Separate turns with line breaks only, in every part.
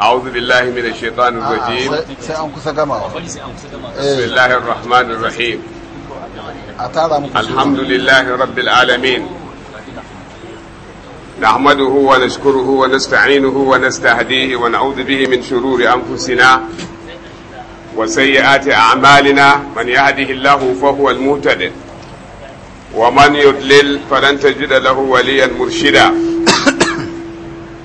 أعوذ بالله من الشيطان الرجيم
بسم الله
الرحمن الرحيم الحمد لله رب العالمين نحمده ونشكره ونستعينه ونستهديه ونعوذ به من شرور أنفسنا وسيئات أعمالنا من يهده الله فهو المهتد ومن يضلل فلن تجد له وليا مرشدا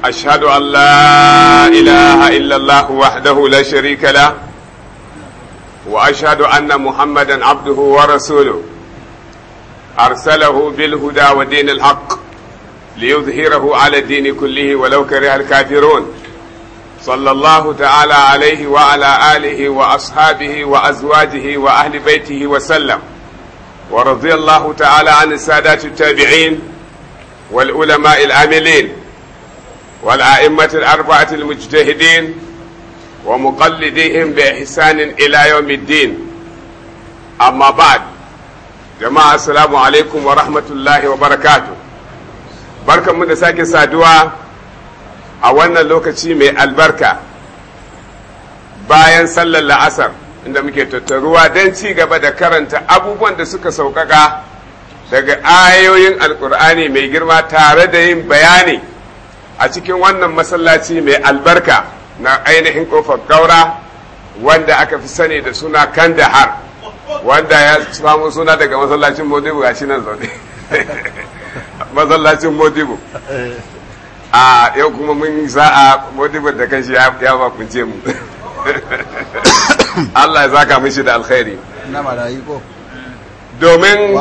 أشهد أن لا إله إلا الله وحده لا شريك له وأشهد أن محمدا عبده ورسوله أرسله بالهدى ودين الحق ليظهره على الدين كله ولو كره الكافرون صلى الله تعالى عليه وعلى آله وأصحابه وأزواجه وأهل بيته وسلم ورضي الله تعالى عن السادات التابعين والعلماء العاملين والأئمة الأربعة المجتهدين ومقلديهم بإحسان إلى يوم الدين أما بعد جماعة السلام عليكم wa الله وبركاته barkan mu da sake saduwa a wannan lokaci mai albarka bayan sallar la'asar inda muke tattaruwa don ci gaba da karanta abubuwan da suka sauƙaƙa daga ayoyin alƙur'ani mai girma tare da yin bayani a cikin wannan masallaci mai albarka na ainihin kofar kaura wanda aka fi sani da suna kandahar wanda ya samu suna daga masallacin modibu ga shi nan zaune masallacin modibu eh. a yau kuma mun a modibu da shi ya makunce mu Allah ya zaka mishi da alkhairi
na marayi ko domin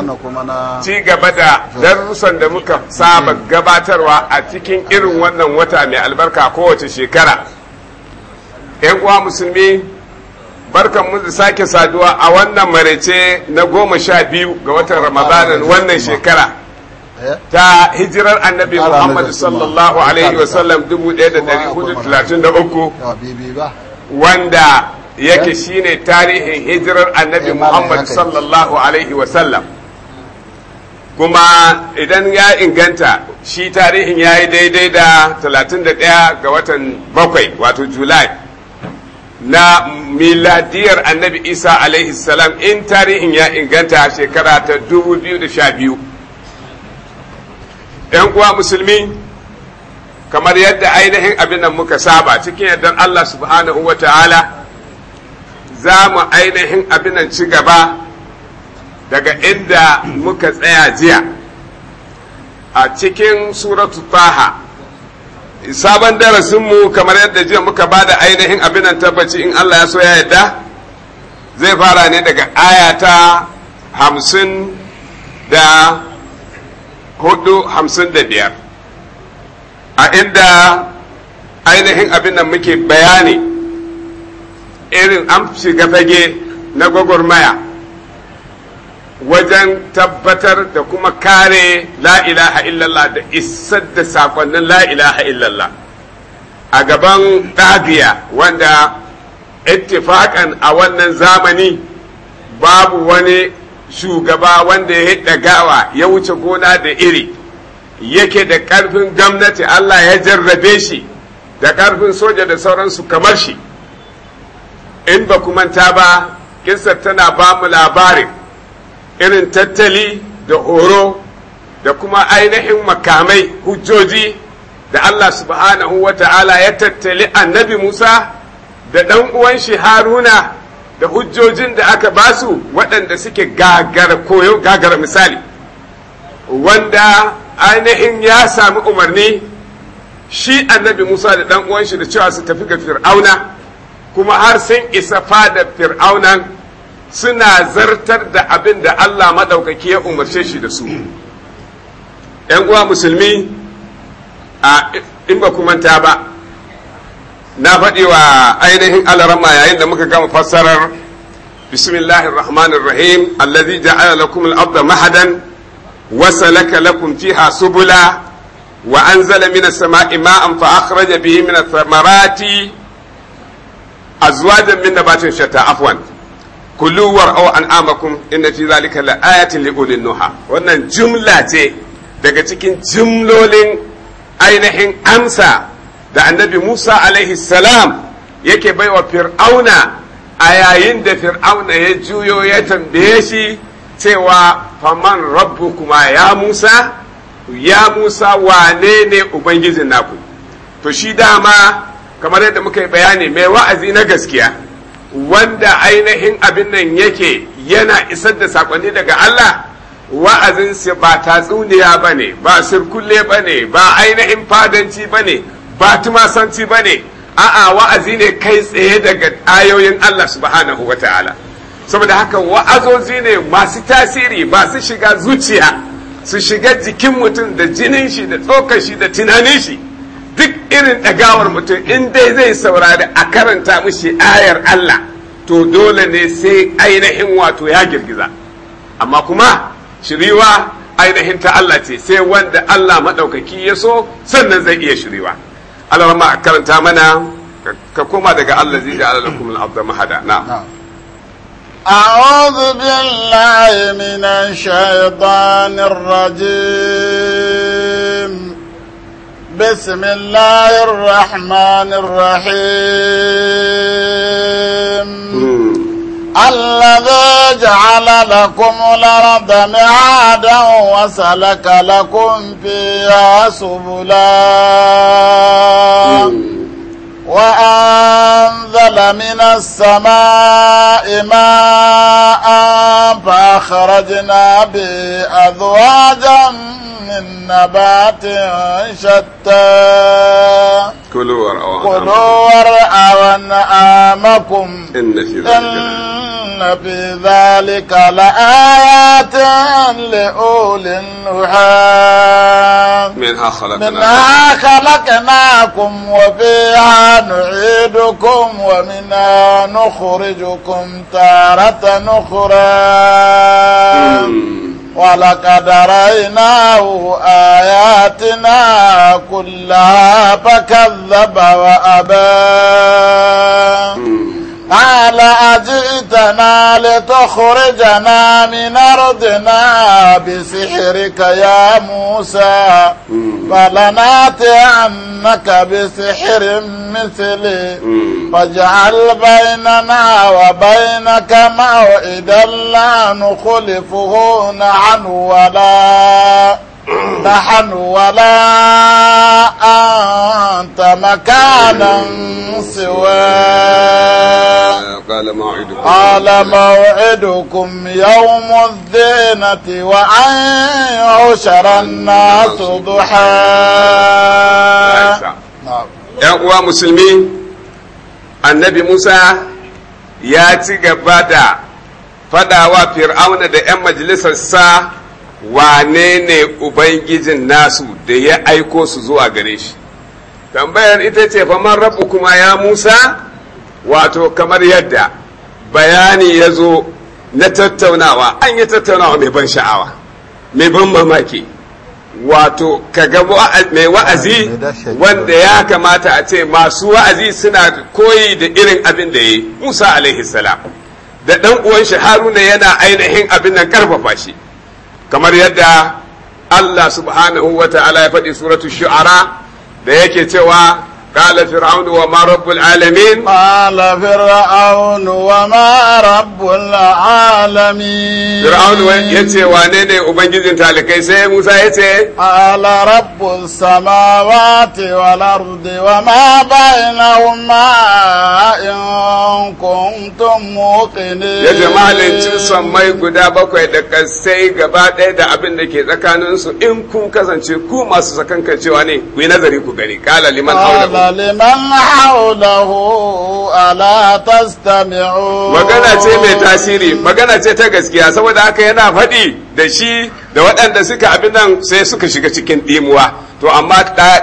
ci gaba da darussan da muka saba gabatarwa a cikin irin wannan wata mai albarka kowace shekara yan uwa musulmi barkan mu da sake saduwa a wannan marece na goma sha biyu ga watan ramadanin wannan shekara ta hijirar annabi muhammad sallallahu alaihi wasallam 1433 wanda yake shine tarihin hijirar annabi eh, Muhammad sallallahu alaihi wasallam kuma idan ya inganta shi tarihin ya yi daidai da 31 ga watan bakwai wato Julai na miladiyar annabi Isa alaihi salam in tarihin ya inganta shekara ta 2012 'yan uwa musulmi kamar yadda ainihin abin nan muka saba cikin yadda Allah subhanahu wa ta'ala za mu ainihin abinan ci gaba daga inda muka tsaya jiya a cikin suratu taha sabon darasinmu kamar yadda jiya muka ba da ainihin abinan tabbaci in Allah ya so ya yadda zai fara ne daga ayata hamsin da hudu hamsin da biyar a inda ainihin abin muke bayani irin an shiga fage na gwagwarmaya wajen tabbatar da kuma kare la ilaha illallah da isar da saƙonnin la ilaha illallah a gaban ɗagiya wanda ittifakan a wannan zamani babu wani shugaba wanda ya ɗagawa ya wuce gona da iri yake da ƙarfin gwamnati Allah ya jarrabe shi da ƙarfin soja da sauransu kamar shi in ba manta ba kisar tana ba mu labarin irin tattali da horo da kuma ainihin makamai hujjoji da Allah subhanahu wa ta'ala ya tattali annabi Musa da ɗan uwan shi Haruna da hujjojin da aka ba su waɗanda suke gagara koyo gagara misali wanda ainihin ya sami umarni shi annabi Musa da ɗan uwan shi da cewa su tafi ga Fir'auna kuma har sun isa fadar fir'aunan suna zartar da abin da Allah maɗaukaki ya umarce shi da su ‘yan uwa musulmi a in ba manta ba na faɗi wa ainihin alarama yayin da muka gama fassarar bismillahir rahmanir rahim allazi ja'ala lakum al-ardha mahadan wa salaka lakum fiha subula wa anzala minas sama'i ma'an fa akhraja bihi min thamarati azwajan min nabatin shatta afwan kulu an an'amakum inna fi zalika laayatin liulil nuha wannan jumla ce daga cikin jumlolin ainihin amsa da annabi Musa alaihi salam yake baiwa fir'auna a yayin da fir'auna ya juyo ya tambaye shi cewa faman rabbu kuma ya Musa ya Musa wane ne ubangijin naku to shi dama kamar yadda muka yi bayani mai wa'azi na gaskiya wanda ainihin abin nan yake yana isar da saƙonni daga Allah wa'azinsa ba tatsuniya ba ne ba sirkulle ba ne ba ainihin fadanci ba ne ba tumasanci ba ne a'a wa'azi ne kai tsaye daga ayoyin Allah subhanahu wa ta'ala saboda haka wa'azozi ne masu tasiri masu shiga zuciya su shiga jikin mutum da jinin shi da tsokashi da tunanin shi duk irin ɗagawar mutum in dai zai saurari a karanta mushi ayar Allah to dole ne sai ainihin wato ya girgiza amma kuma shiriwa ainihin ta Allah ce sai wanda Allah maɗaukaki ya so sannan zai iya shiriwa Allah ma karanta mana ka koma daga Allah zai da kuma al'abda mahada na
أعوذ بالله من الشيطان الرجيم بسم الله الرحمن الرحيم الذي جعل لكم الأرض معادا وسلك لكم فيها سبلا وأنزل من السماء ماء فأخرجنا به أزواجا من نبات شتى كلوا وارعوا أنعامكم
إن في ذلك
إن في ذلك لآيات لأولي النهى
منها خلقناكم منها
خلقناكم وفيها نعيدكم ومنها نخرجكم تارة أخرى ولقد رأيناه آياتنا كلها فكذب وأبى قال أجئتنا لتخرجنا من أرضنا بسحرك يا موسى فلناتعنك بسحر مثلي فاجعل بيننا وبينك موعدا لا نخلفه نحن ولا نحن ولا أنت مكانا سوى قال موعدكم قال موعدكم يوم الزينة وأن يعشر الناس
‘Yan uwa musulmi, annabi Musa ya ci gaba da fadawa fir'auna da ‘yan sa. wane ne ubangijin nasu da ya aiko su zuwa gare shi tambayar ita ce man rabu kuma ya musa wato kamar yadda bayani ya zo na tattaunawa an yi tattaunawa mai ban sha'awa mai ban mamaki wato ga mai wa'azi wanda ya kamata a ce masu wa'azi suna koyi da irin abin da ya yi musa alaihi salam da ɗan uwan shi haruna yana ainihin abin nan karfafa shi kamar yadda Allah subhanahu wa ta'ala ya faɗi suratu shu'ara da yake cewa قال فرعون وما رب العالمين
قال فرعون وما رب العالمين فرعون يتي وانيني
وبنجزن تالكي سي موسى يتي
قال رب السماوات والأرض وما بينهما إن كنتم موقنين يا جماعة لنشن
سمي قدا بكوي دكا سي قبات ايدا ابن نكي ذكا ننسو إن كن كزن شكو ما سسكن كتواني وينظري كغني قال لمن حوله
ولمن حوله ألا
magana ce mai tasiri magana ce ta gaskiya saboda haka yana faɗi da shi da waɗanda suka abin nan sai suka shiga cikin ɗimuwa to amma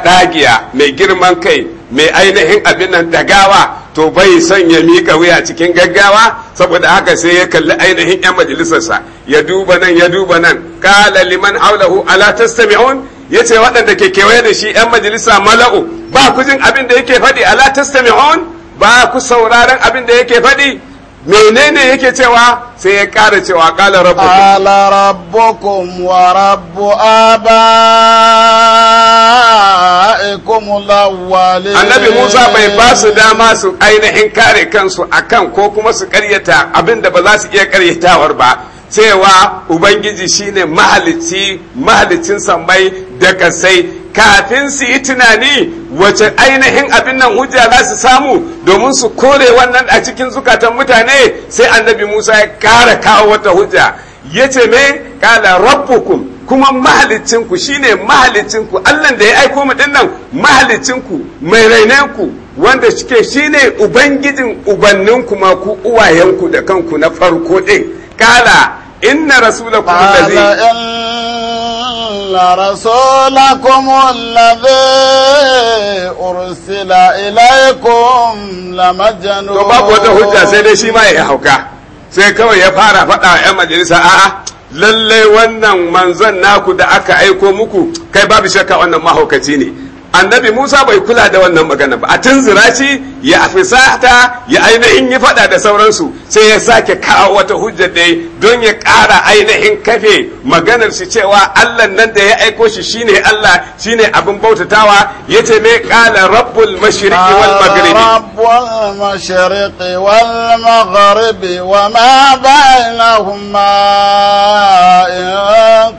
ɗagiya mai girman kai mai ainihin abin nan dagawa to bai son ya mika wuya cikin gaggawa saboda haka sai ya kalli ainihin 'yan majalisarsa ya duba nan ya duba nan ƙala liman haulahu ala ya ce waɗanda ke kewaye da shi 'yan majalisa mala'u ba ku jin abin da yake faɗi ala tastami'un ba ku sauraron abin da yake faɗi menene yake cewa sai ya ƙara cewa
ƙala rabbukum ala rabbukum wa rabbu abaikum lawale. annabi Musa bai ba su
dama su ainihin kare kansu akan ko kuma su ƙaryata abinda ba za su iya ƙaryatawar ba cewa ubangiji shine mahalicci mahalicin sammai da kasai kafin su yi tunani wace ainihin abin nan hujja za su samu domin su kore wannan a cikin zukatan mutane sai annabi musa ya kara kawo wata hujja ya ce me kala rabbukum kuma mahalicinku shine mahalicinku allan da ya aiko mu dinnan mahalicinku mai rainenku wanda Shi shine ubangijin ubanninku ma ku uwayenku da kanku na farko din kala inna رسولكم الذي
إن رسولكم الذي أرسل إليكم لمجنون to babu wata hujja
sai dai shi ma ya hauka sai kawai ya fara faɗa ‘yan majalisa a'a lallai wannan manzon naku da aka aiko muku kai babu shakka wannan mahaukaci ne annabi musa bai kula da wannan magana ba a tunzura shi ya afisata ya ainihin yi fada da sauransu sai ya sake kawo wata hujja da ya don ya kara ainihin kafe maganar shi cewa Allah nan da ya aiko shi shine Allah shine abin bautatawa ya ce mai kala rabbul mashriqi wal maghribi
rabbul mashriqi wal maghribi wa ma bainahuma in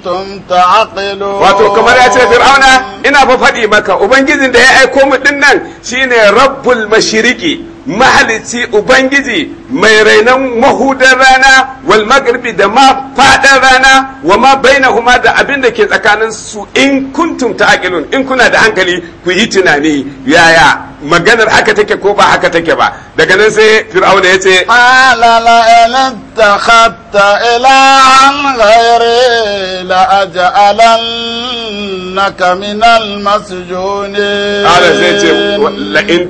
kuntum ta'qilun wato kamar ya ce fir'auna
ina fa faɗi maka ubangijin da ya aiko mu din nan shine رب المشرق mahalici ubangiji mai rainon mahudan rana wal magribi da ma fadar rana wa ma bainahuma da abin da ke tsakanin su in kuntum ta'qilun in kuna da hankali ku yi tunani yaya maganar haka take ko ba haka take ba daga nan sai fir'auna ya ce
ala la ila an ghairi la naka min al masjunin ala sai ce
la in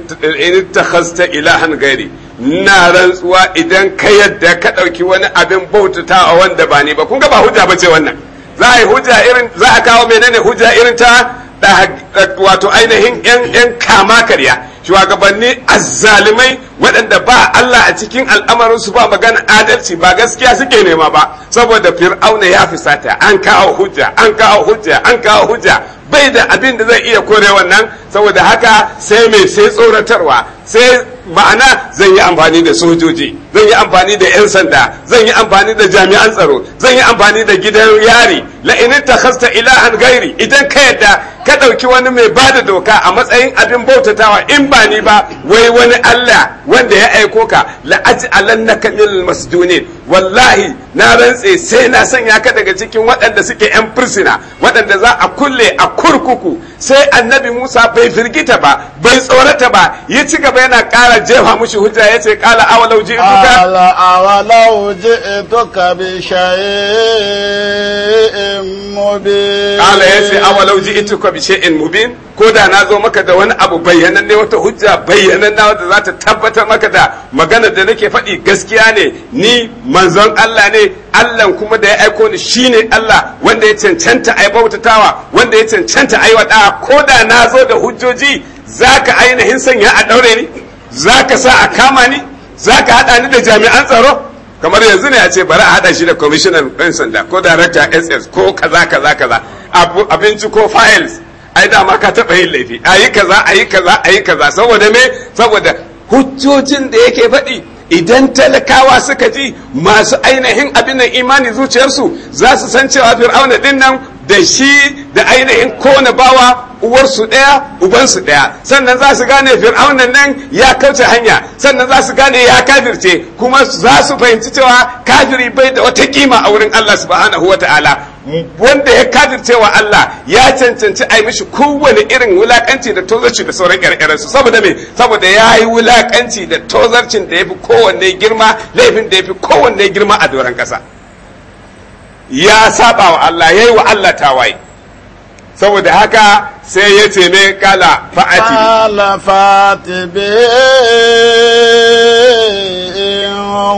ittakhasta ilahan gairi na rantsuwa idan ka yadda ka ɗauki wani abin bautata a wanda ba ne ba kun ba hujja ba ce wannan za a yi hujja irin za a kawo menene hujja irin ta wato ainihin yan kama karya shugabanni azzalimai waɗanda ba Allah a cikin al'amarinsu ba magana adalci ba gaskiya suke nema ba saboda fir'auna ya sata an kawo hujja an kawo hujja an kawo hujja bai da abin da zai iya kore wannan saboda haka sai mai sai tsoratarwa sai ma'ana zan yi amfani da sojoji zan yi amfani da 'yan sanda zan yi amfani da jami'an tsaro zan yi amfani da gidan yari la'inin ta hasta ilahan gairi idan ka yadda ka ɗauki wani mai ba da doka a matsayin abin bautatawa in ba ni ba wai wani allah wanda ya aiko ka la'aji alannaka lil masjunin wallahi na rantse sai na sanya ka daga cikin waɗanda suke 'yan fursuna waɗanda za a kulle a kurkuku sai annabi musa bai firgita ba bai tsorata ba ya ci gaba yana ƙara ana jefa mushi hujja ya ce kala awalau ji ituka
kala awalau ji ituka bi sha'in mubin kala ya ce awalau
ji ituka bi sha'in mubin ko da na zo maka da wani abu bayyanan ne wata hujja bayyanan na wanda za ta tabbatar maka da magana da nake faɗi gaskiya ne ni manzon Allah ne Allah kuma da ya aiko ni shine Allah wanda ya cancanta ai bautatawa wanda ya cancanta ai wada ko da na zo da hujjoji zaka ainihin sanya a daure ni za ka sa a kama ni za ka haɗa ni da jami'an tsaro kamar yanzu ne a ce bari a haɗa shi da kwamishinan ɗan sanda ko darakta ss ko kaza kaza kaza abinci ko files ai ma ka taɓa yin laifi a yi kaza a yi kaza a yi kaza saboda me saboda hujjojin da yake faɗi idan talakawa suka ji masu ainihin abin nan imani zuciyarsu za su san cewa fir'auna din da shi da ainihin kone bawa uwarsu ɗaya ubansu ɗaya sannan za su gane fir'aunan nan ya kauce hanya sannan za su gane ya kafirce kuma za su fahimci cewa kafiri bai da wata kima a wurin Allah subhanahu wa ta'ala wanda ya kafirce wa Allah ya cancanci a yi mishi kowane irin wulakanci da tozarci da sauran ƙyarƙyararsu saboda me saboda ya yi wulakanci da tozarcin da ya fi kowanne girma laifin da ya fi kowanne girma a doron ƙasa. ya saba wa Allah yi wa Allah tawaye
saboda haka
sai ya ce ne
kala fa'ati kala fa'ati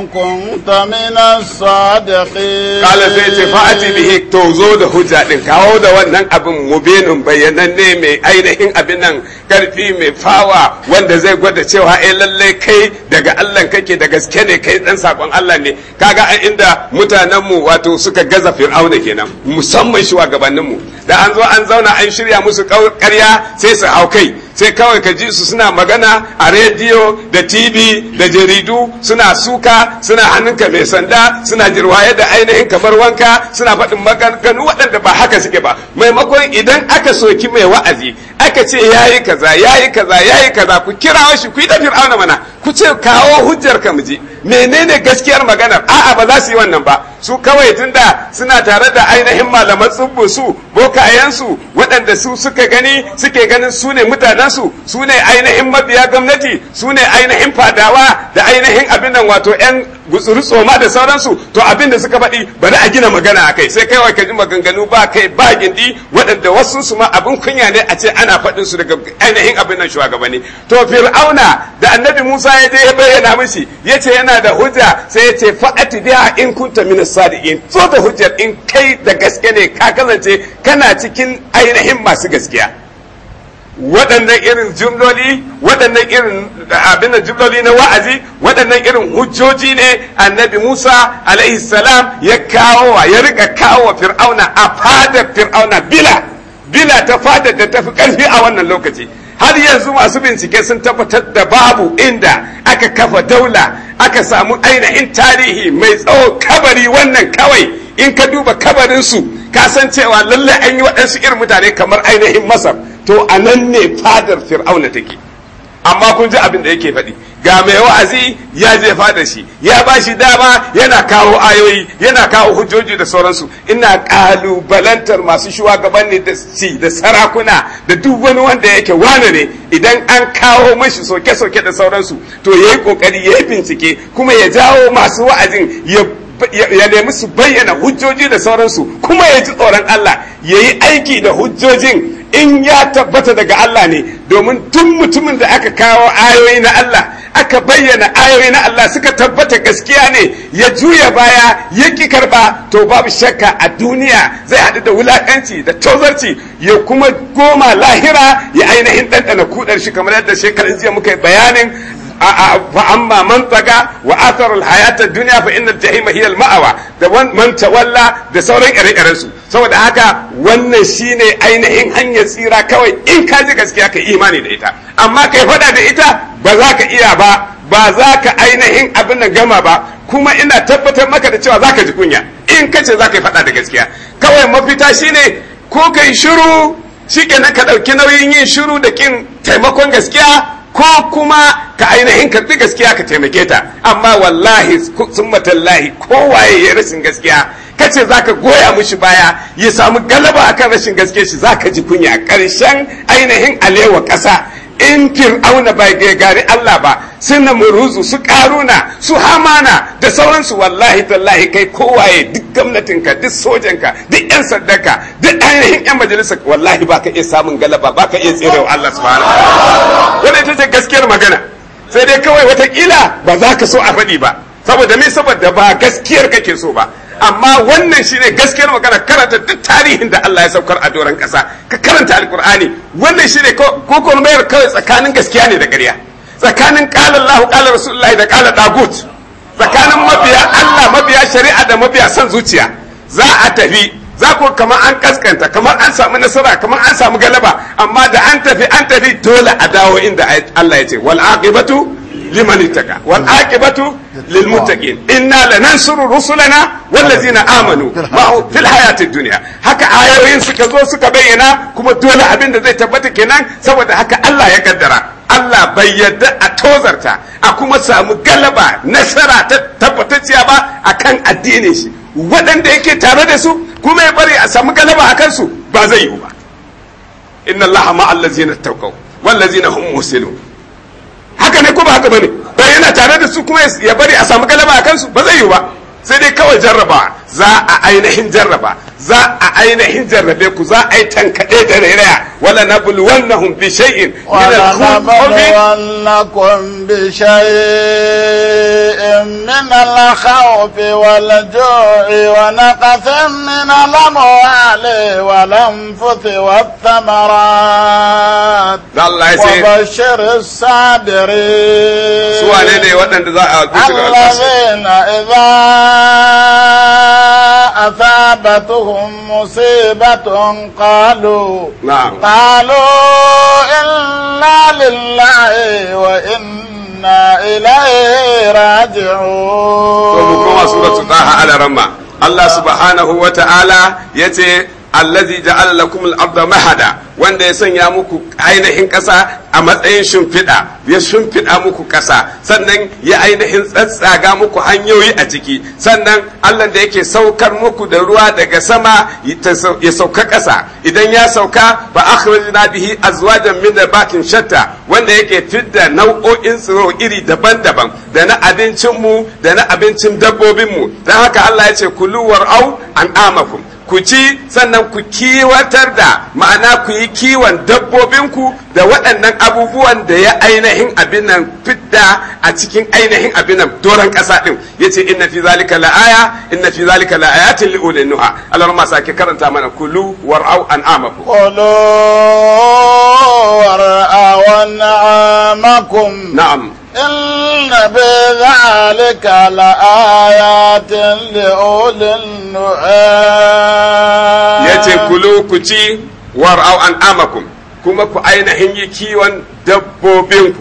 in kunta mina as kala sai ce ati bihi
to zo da hujja din kawo da wannan abin mubinin bayyananne mai ainihin abin nan karfi mai fawa wanda zai gwada cewa eh lalle kai daga Allah kake da gaske ne kai dan sakon Allah ne kaga a inda mutanen mu wato suka gaza fir'auna kenan musamman shi shugabannin mu da an zo an zauna an shirya musu karya sai su hau kai sai kawai ka ji su suna magana a rediyo da tv da jaridu suna suka suna hannunka mai sanda suna jirwaye da ainihin kamar wanka suna faɗin maganganu waɗanda ba haka suke ba maimakon idan aka soki mai wa'azi aka ce yayi kaza yayi kaza yayi kaza ku kirawa shi ku yi da fir'auna mana ku ce kawo hujjar ka mu je menene gaskiyar maganar a'a ba za su yi wannan ba su kawai tunda suna tare da ainihin malaman tsubbu su bokayensu waɗanda su suka gani suke ganin su ne mutanensu su ne ainihin mabiya gwamnati su ne ainihin fadawa da ainihin abin wato 'yan tsoma da sauransu to abin da suka faɗi bari a gina magana a kai sai kai ka ji maganganu ba kai ba gindi waɗanda wasu su ma abin kunya ne a ce ana faɗin su daga ainihin abin nan shugabanni to fir'auna da annabi musa ya je ya bayyana mishi ya ce yana da hujja sai ya ce fa'ati biha in kunta min sadiqin to da hujjar in kai da gaske ne ka kasance kana cikin ainihin masu gaskiya waɗannan irin jumloli waɗannan irin abin jumloli na wa'azi waɗannan irin hujjoji ne annabi musa alaihi salam ya kawo ya rika kawo fir'auna a fada fir'auna bila bila ta fadar da fi ƙarfi a wannan lokaci har yanzu masu bincike sun tabbatar da babu inda aka kafa daula aka samu ainihin tarihi mai tsawo kabari wannan kawai in ka duba kabarinsu ka san cewa lallai an yi waɗansu irin mutane kamar ainihin masar to a nan ne fadar fir'auna take amma kun ji abin da yake faɗi ga mai wa'azi ya je fada shi ya ba shi dama yana kawo ayoyi yana kawo hujjoji da sauransu ina kalubalantar masu shuwagabanni da shi da sarakuna da duk wani wanda yake wane ne idan an kawo mashi soke-soke da sauransu to ya yi kokari ya yi bincike kuma ya jawo masu wa'azin ya ya nemi su bayyana hujjoji da sauransu kuma ya ji tsoron Allah ya yi aiki da hujjojin in ya tabbata daga Allah ne domin tun mutumin da aka kawo ayoyi na Allah aka bayyana ayoyi na Allah suka tabbata gaskiya ne ya juya baya ya ki karba to babu shakka a duniya zai haɗu da wulakanci da tozarci ya kuma goma lahira ya ainihin ɗanɗana kudar shi kamar yadda shekarun jiya muka yi bayanin فأما من طغى duniya fa الدنيا ta الجحيم هي المأوى da man tawalla da sauran ire-iren su saboda haka wannan shine ainihin hanyar tsira kawai in ka ji gaskiya ka imani da ita amma kai fada da ita ba za ka iya ba ba za ka ainihin abin da gama ba kuma ina tabbatar maka da cewa za ka ji kunya in ka ce za ka fada da gaskiya kawai mafita shine ko kai shiru na ka ɗauki nauyin yin shiru da kin taimakon gaskiya ko kuma ka ainihin karɓi gaskiya ka taimake ta amma wallahi sun matallahi kowaye ya rashin gaskiya ka ce za ka goya mushi baya ya samu galaba akan rashin gaskiya shi za ka ji kunya ƙarshen ainihin alewa ƙasa in fir'auna bai ga gari Allah ba na muruzu su karuna su hamana da sauransu wallahi tallahi kai kowaye duk gwamnatinka duk sojanka duk yan saddaka duk ainihin yan majalisa wallahi baka iya samun galaba baka iya tserewa Allah subhanahu wannan ita ce gaskiyar magana sai dai kawai wataƙila ba za ka so a faɗi ba saboda me saboda ba gaskiyar kake so ba amma wannan shine gaskiyar magana karanta duk tarihin da Allah ya saukar a doron kasa ka karanta alkur'ani wannan shine ko ko mayar kawai tsakanin gaskiya ne da ƙarya tsakanin qala Allah qala rasulullahi da qala dagut tsakanin mabiya Allah mabiya shari'a da mabiya son zuciya za a tafi za ku kamar an kaskanta kamar an samu nasara kamar an samu galaba amma da an tafi an tafi dole a dawo inda Allah ya ce wal aqibatu liman ittaka wal aqibatu lil na inna lanansuru rusulana wal ladzina amanu ma'u fil hayatid dunya haka ayoyin suka zo suka bayyana kuma dole abinda zai tabbata kenan saboda haka Allah ya gaddara. Allah bai yarda a tozarta a kuma samu galaba nasara ta tabbatacciya ba akan addinin shi waɗanda yake tare da su kuma ya bari a samu galaba a kansu ba zai yiwu ba inna allaha ma allazina taqaw wal ladzina hum muslimun haka ne ko ba haka bane ba yana tare da su kuma ya bari a samu galaba a kansu ba zai yi ba sai dai kawai jarraba za a ainihin jarraba za a ainihin jarrabe ku za a yi tankaɗe da rairaya wala na bulwannahum bi shay'in wala
na bi shay'in من الخوف والجوع ونقص من الأموال والأنفس والثمرات وبشر الصابرين
الذين
إذا أثابتهم مصيبة قالوا نعم. قالوا إنا لله وإنا inna ilaihi raji'un to mu koma suratu
taha ala ramma Allah subhanahu wa ta'ala yace allazi ja'ala lakum al-ardha mahada wanda ya sanya muku ainihin ƙasa a matsayin shimfiɗa ya shimfiɗa muku ƙasa sannan ya ainihin tsatsaga muku hanyoyi a ciki sannan allah da yake saukar muku da ruwa daga sama ya sauka ƙasa idan ya sauka ba na bihi a da da bakin shatta wanda yake fidda nau'o'in tsiro iri daban-daban da na abincinmu da na abincin dabbobinmu don haka allah ya ce kuluwar au an amakum ku ci sannan ku kiwatar da ma'ana ku yi kiwon dabbobinku da waɗannan abubuwan da ya ainihin abin nan fidda a cikin ainihin abin nan doron ƙasa ɗin ya ce inna fi zalika la'aya inna fi zalika la'ayatin li ulil nuha Allah ma ke karanta mana kulu war'au an'amakum
qulu war'au an'amakum na'am إن في ذلك لآيات لأولي النهى
يتي كلوا كتي war'au an'amakum kuma ku ainihin yi kiwon dabbobinku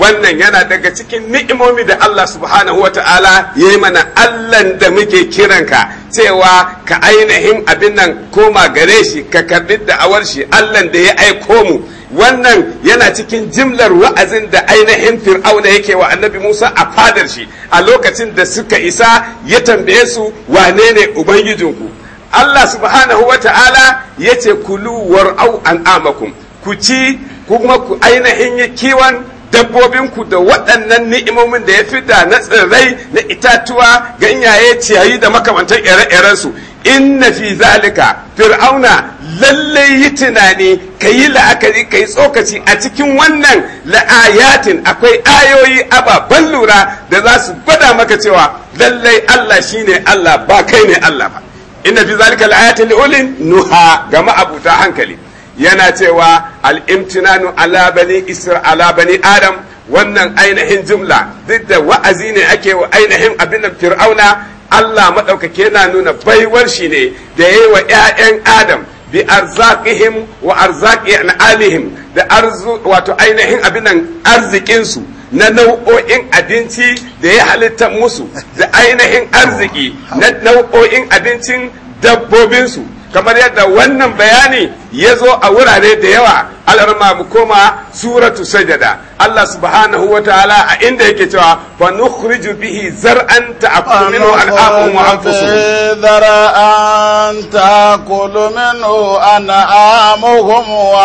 wannan yana daga cikin ni'imomi da Allah subhanahu wata'ala ya yi mana Allahn da muke kiranka cewa ka ainihin abin nan koma gare shi ka karɓi da'awar shi Allahn da ya aiko mu wannan yana cikin jimlar wa'azin da ainihin fir'auna yake wa annabi musa a fadar shi a lokacin da suka isa ya tambaye su wane ne ubangijinku allah subhanahu wa ta'ala ya ce kulu war'au an'amakum ku ci kuma ku ainihin yi kiwon dabbobinku da waɗannan ni'imomin da ya fi da na tsirrai na itatuwa ganyaye ciyayi da makamantan ire-irensu inna fi zalika fir'auna lallai yi tunani ka yi la'akari ka yi tsokaci a cikin wannan la'ayatin akwai ayoyi ababen lura da za su gwada maka cewa lallai Allah shi ne Allah ba kai ne Allah ba inda fi zalika la'ayatin li'ulin nuha ga ma'abuta hankali yana cewa al'imtinanu imtinanu ala bani ala adam wannan ainihin jumla duk da wa'azi ne ake wa ainihin abin fir'auna Allah maɗaukake na nuna baiwar shi ne da ya yi wa ‘ya'yan Adam bi arzaqihim wa arzaqi alihim da arzu wato ainihin nan arzikin su na nau'o'in abinci da ya halitta musu da ainihin arziki na nau'o'in abincin dabbobinsu kamar yadda wannan bayani ya zo a wurare da yawa alarma mu koma suratu sajada Allah subhanahu wa ta'ala a inda yake cewa fa nukhriju bihi zar'an ta'kulu minhu wa
anfusuhum zar'an ta'kulu minhu an'amuhum wa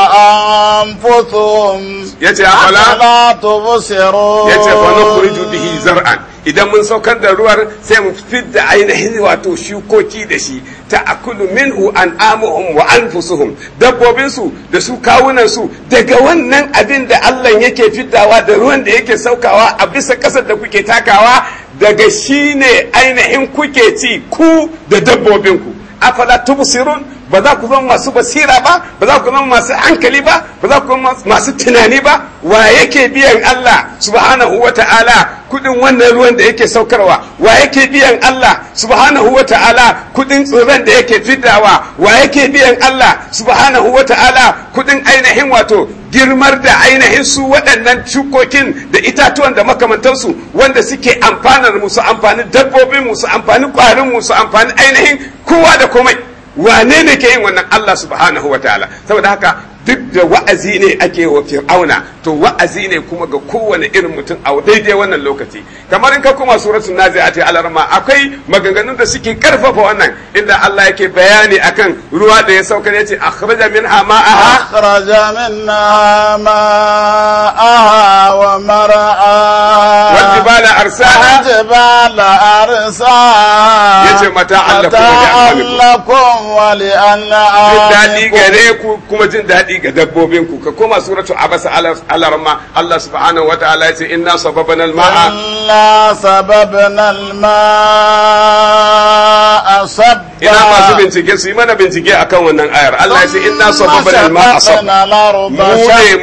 anfusuhum yace afala tubsirun yace fa
nukhriju bihi zar'an idan mun saukar da ruwar sai mu da ainihin wato shukoki da shi ta akulu minhu an amuhum wa anfusuhum dabbobinsu da su kawunansu daga wannan abin da Allah yake fitawa da ruwan da yake saukawa a bisa ƙasar da kuke takawa daga shi ne ainihin kuke ci ku da dabbobinku afala tubsirun ba za ku zama masu basira ba ba za ku zama masu hankali ba ba za ku zama masu tunani ba wa yake biyan Allah subhanahu wa ta'ala kudin wannan ruwan da yake saukarwa wa yake biyan Allah subhanahu wa ta'ala kudin tsoron da yake fidawa wa yake biyan Allah subhanahu wa ta'ala kudin ainihin wato girmar da ainihin su waɗannan cukokin da itatuwan da makamantansu wanda suke amfanar musu amfanin dabbobin musu amfanin ƙwarin musu amfanin ainihin kowa da komai wane ne ke yin wannan Allah subhanahu wa ta'ala saboda haka duk da wa'azi ne ake wa fir'auna to wa'azi ne kuma ga kowane irin mutum a daidai wannan lokaci kamar in ka kuma suratul nazi'ati alarma akwai maganganun da suke karfafa wannan inda Allah yake bayani akan ruwa da ya sauka ne yace akhraja minha
ma'aha akhraja minha ma'aha wa mar'a wal jibala arsaha jibala arsaha yace mata'allakum wa li'anna jin dadi gare
kuma jin dadi daɗi ga dabbobinku ka koma suratu abasa alarma Allah subhanahu wata'ala yace inna sababna alma'a
inna sababna alma'a sabba ina masu
bincike su yi mana bincike akan wannan ayar Allah yace inna sababna alma'a sabba
mu ne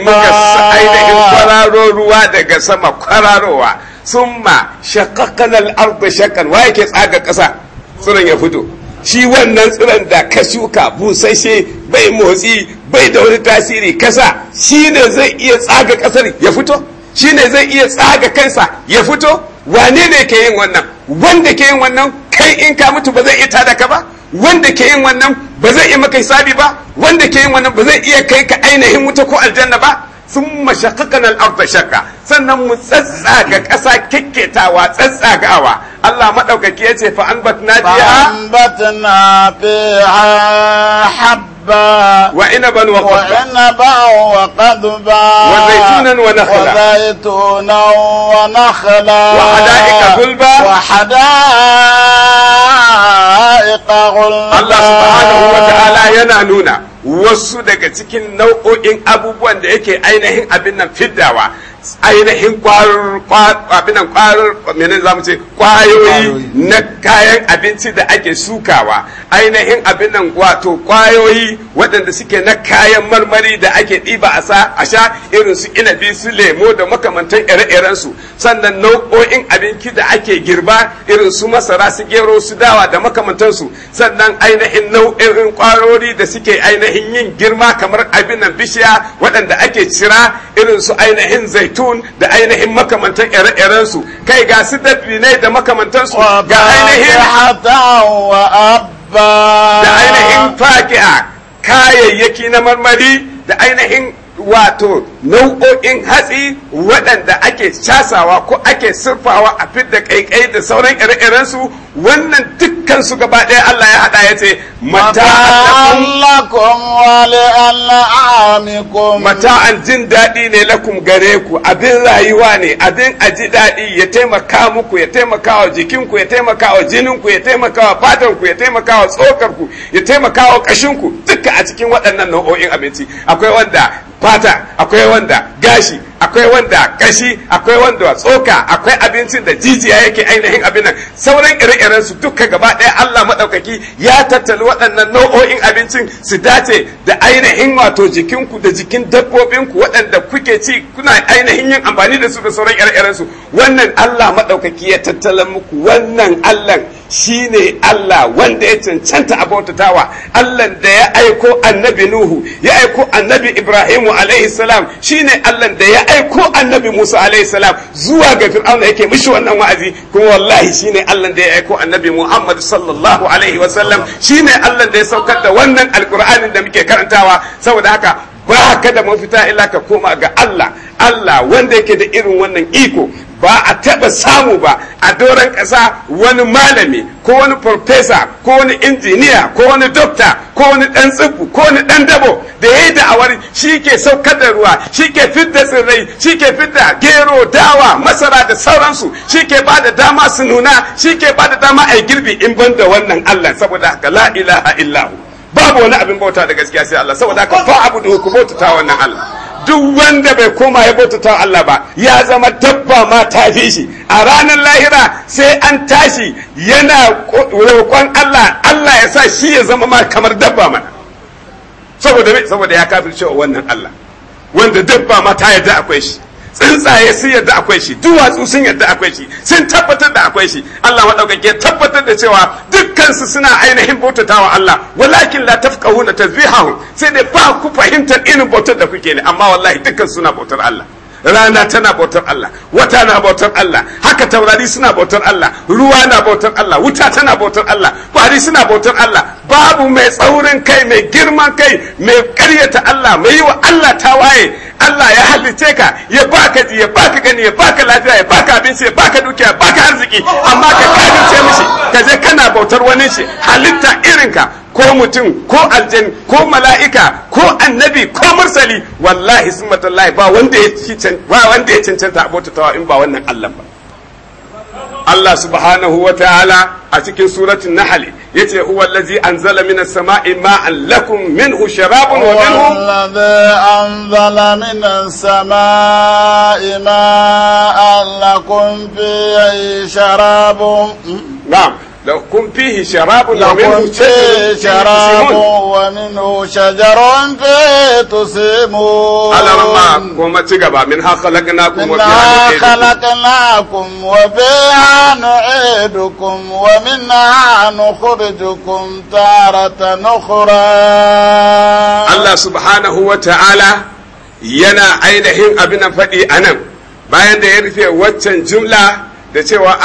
muka
ainihin kwararo ruwa daga sama kwararowa summa shaqqaqna al-ardha shaqqan wa yake tsaga kasa suran ya fito shi wannan tsiron da ka shuka busasshe bai motsi bai da wani tasiri kasa shine zai iya tsaga kasar ya fito shine zai iya tsaga kansa ya fito wane ne ke yin wannan wanda ke yin wannan kai in ka mutu ba zai iya tada ka ba wanda ke yin wannan ba zai iya maka hisabi ba wanda ke yin wannan ba zai iya kai ka ainihin wuta ko aljanna ba sun mashakakan al'arda shakka sannan mu tsatsaga ƙasa kekketawa tsatsagawa Allah maɗaukaki ya ce fa'an batna
biya fa'an batna biya حبا وعنبا وعنبا وقضبا
وزيتونا ونخلا
وزيتونا ونخلا وحدائق غلبا وحدائق
غلبا الله سبحانه وتعالى ينالونا wasu daga cikin nau'o'in abubuwan da yake ainihin abin nan fiddawa ainihin in kwarar menin za mu ce kwayoyi na kayan abinci da ake sukawa ainihin abinan wato kwayoyi waɗanda suke na kayan marmari da ake ɗiba a sha irin su inabi su lemo da makamantan ire-iren su sannan nau'o'in abinci da ake girba irin su masara su gero su dawa da makamantan su sannan ainihin nau'in kwarori da suke ainihin yin girma kamar abinan bishiya waɗanda ake cira irin su ainihin zai zaitun da ainihin makamantan ire-iren su kai ga su dabinai da makamantan su ga ainihin da ainihin faki'a kayayyaki na marmari da ainihin wato nau'o'in hatsi waɗanda ake casawa ko ake sirfawa a fidda ƙaiƙai da sauran ire-irensu wannan su gaba ɗaya Allah ya haɗa ya ce mata'an
mata'an
jin daɗi ne lakum gare ku abin rayuwa ne abin aji daɗi ya taimaka muku ya taimaka wa jikinku ya taimaka wa jininku ya taimaka wa fatanku ya taimaka wa tsokarku ya taimaka wa ƙashinku duka a cikin waɗannan nau'o'in abinci akwai wanda fata akwai wanda gashi akwai wanda kashi akwai wanda tsoka akwai abincin da jijiya yake ainihin abin nan sauran ire-iren su duka gaba ɗaya Allah maɗaukaki ya tattali waɗannan nau'o'in abincin su dace da ainihin wato jikinku da jikin dabbobinku waɗanda kuke ci kuna ainihin yin amfani da su da sauran ire-iren su wannan Allah maɗaukaki ya tattala muku wannan Allah shine ne Allah wanda ya cancanta a bautatawa Allah da ya aiko annabi Nuhu ya aiko annabi Ibrahimu alaihi salam shi Allah da ya aiko annabi Musa alaihi salam zuwa ga Fir'auna yake mishi wannan wa'azi kuma wallahi shine Allah da ya aiko annabi Muhammad sallallahu alaihi wasallam shine Allah da ya saukar da wannan alqur'anin da muke karantawa saboda haka ba ka da mafita illa ka koma ga Allah Allah wanda yake da irin wannan iko ba a taba samu ba a doron ƙasa wani malami ko wani farfesa ko wani injiniya ko wani dokta ko wani ɗan tsibbu ko wani ɗan dabo da ya yi da'awar shi ke saukar da ruwa shi ke fidda tsirrai shi ke fidda gero dawa masara da sauransu shi ke ba da dama su nuna shi ke ba da dama a girbi in ban da wannan Allah saboda haka la ilaha illahu babu wani abin bauta da gaskiya sai Allah saboda ka fa abudu ku bautata wannan Allah duk wanda bai koma ya bautata Allah ba ya zama dabba ma ta fi shi a ranar lahira sai an tashi yana roƙon Allah Allah ya sa shi ya zama ma kamar dabba mana saboda saboda ya kafirce wannan Allah wanda dabba ma ta yarda akwai shi tsuntsaye sun yadda akwai shi duwatsu sun yadda akwai shi sun tabbatar da akwai shi Allah madaukake tabbatar da cewa dukkansu suna ainihin bautatawa Allah walakin la na tasbihahu sai dai ba ku fahimtar irin bautar da kuke ne amma wallahi dukkan suna bautar Allah rana tana bautar Allah wata na bautar Allah haka taurari suna bautar Allah ruwa na bautar Allah wuta tana bautar Allah kwari suna bautar Allah babu mai tsaurin kai mai girman kai mai karyata Allah mai yi wa Allah tawaye Allah ya halice ka ya baka ji ya baka gani ya baka lafiya ya baka abinci ya baka dukiya ya baka arziki amma ka kafirce mishi ka je kana bautar wani shi halitta irinka ko mutum ko aljan ko mala'ika ko annabi ko mursali wallahi summatullahi ba wanda ya ba wanda ya cancanta abota in ba wannan Allah ba Allah subhanahu wa ta'ala a cikin suratun nahali ya ce huwa lazi an zala minas sama'i ma'an lakum minhu
sharabun wa minhu wallazi an zala minas sama'i ma'an lakum fi sharabun na'am لكم فيه شراب ومنه فيه شراب ومنه شجر فيه تسيمون على رمى
كما تقبع منها خلقناكم وفيها
خلقناكم وفيها نعيدكم ومنها نخرجكم تارة أخرى الله سبحانه
وتعالى ينا ainihin abin faɗi a nan bayan da ya rufe waccan jumla da cewa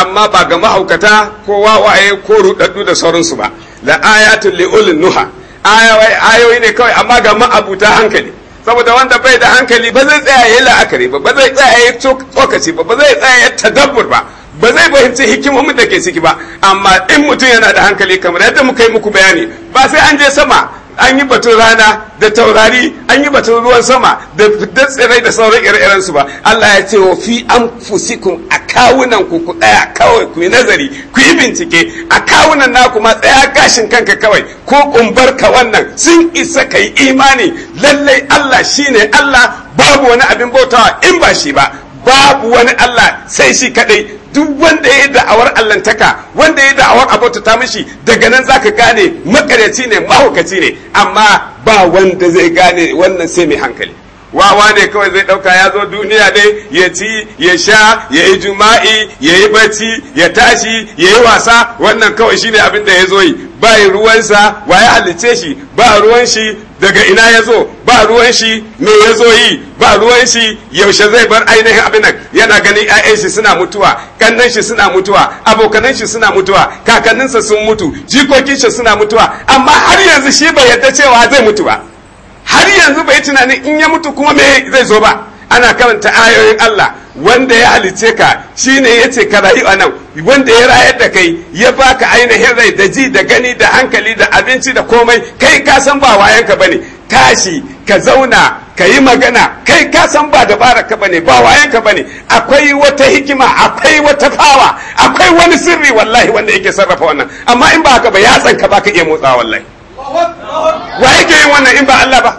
amma ba ga mahaukata ko wawaye ko rudaddu da sauransu ba la ayatul li'ul nuha ayoyi ne kawai amma ga ma'abuta hankali saboda wanda bai da hankali ba zai tsaya yayi la'akari ba ba zai tsaya yayi tsokaci ba ba zai tsaya yayi tadabbur ba ba zai fahimci hikimomin da ke ciki ba amma in mutum yana da hankali kamar yadda muka yi muku bayani ba sai an je sama an yi batun rana da taurari an yi batun ruwan sama da fitar tsirrai da sauran ire-iren su ba Allah ya ce wa fi an fusikun a kawunan ku ku daya kawai ku yi nazari ku yi bincike a kawunan naku ma tsaya gashin kanka kawai ko kumbar ka wannan sun isa ka yi imani lallai Allah shine Allah babu wani abin bautawa in ba shi ba babu wani Allah sai shi kadai duk wanda ya yi da'awar allantaka wanda ya yi da'awar abota ta mishi daga nan za ka gane makaryaci ne mahaukaci ne amma ba wanda zai gane wannan sai mai hankali wawa ne kawai zai ɗauka ya zo duniya dai ya ci ya sha ya yi juma'i ya yi bacci ya tashi ya yi wasa wannan kawai shine abin da ya zo yi ba ruwansa wa ya halice shi ba ruwan shi daga ina ya zo ba ruwan shi me ya zo yi ba ruwan shi yaushe zai bar ainihin abin nan yana ganin 'ya'yan shi suna mutuwa kannan shi suna mutuwa abokanan shi suna mutuwa kakanninsa sun mutu jikokin shi suna mutuwa amma har yanzu shi bai yarda cewa zai mutu ba har yanzu bai tunanin in ya mutu kuma me zai zo ba ana karanta ayoyin Allah wanda ya halice ka shine ya ce ka rayu a nan wanda ya rayar da kai ya baka ainihin rai da ji da gani da hankali da abinci da komai kai ka san ba wayanka bane tashi ka zauna ka yi magana kai ka san ba dabara ka bane ba wayan ka bane akwai wata hikima akwai wata fawa akwai wani sirri wallahi wanda yake sarrafa wannan amma in ba haka ba yatsan ka baka iya motsa wallahi wa yake yin wannan in ba Allah ba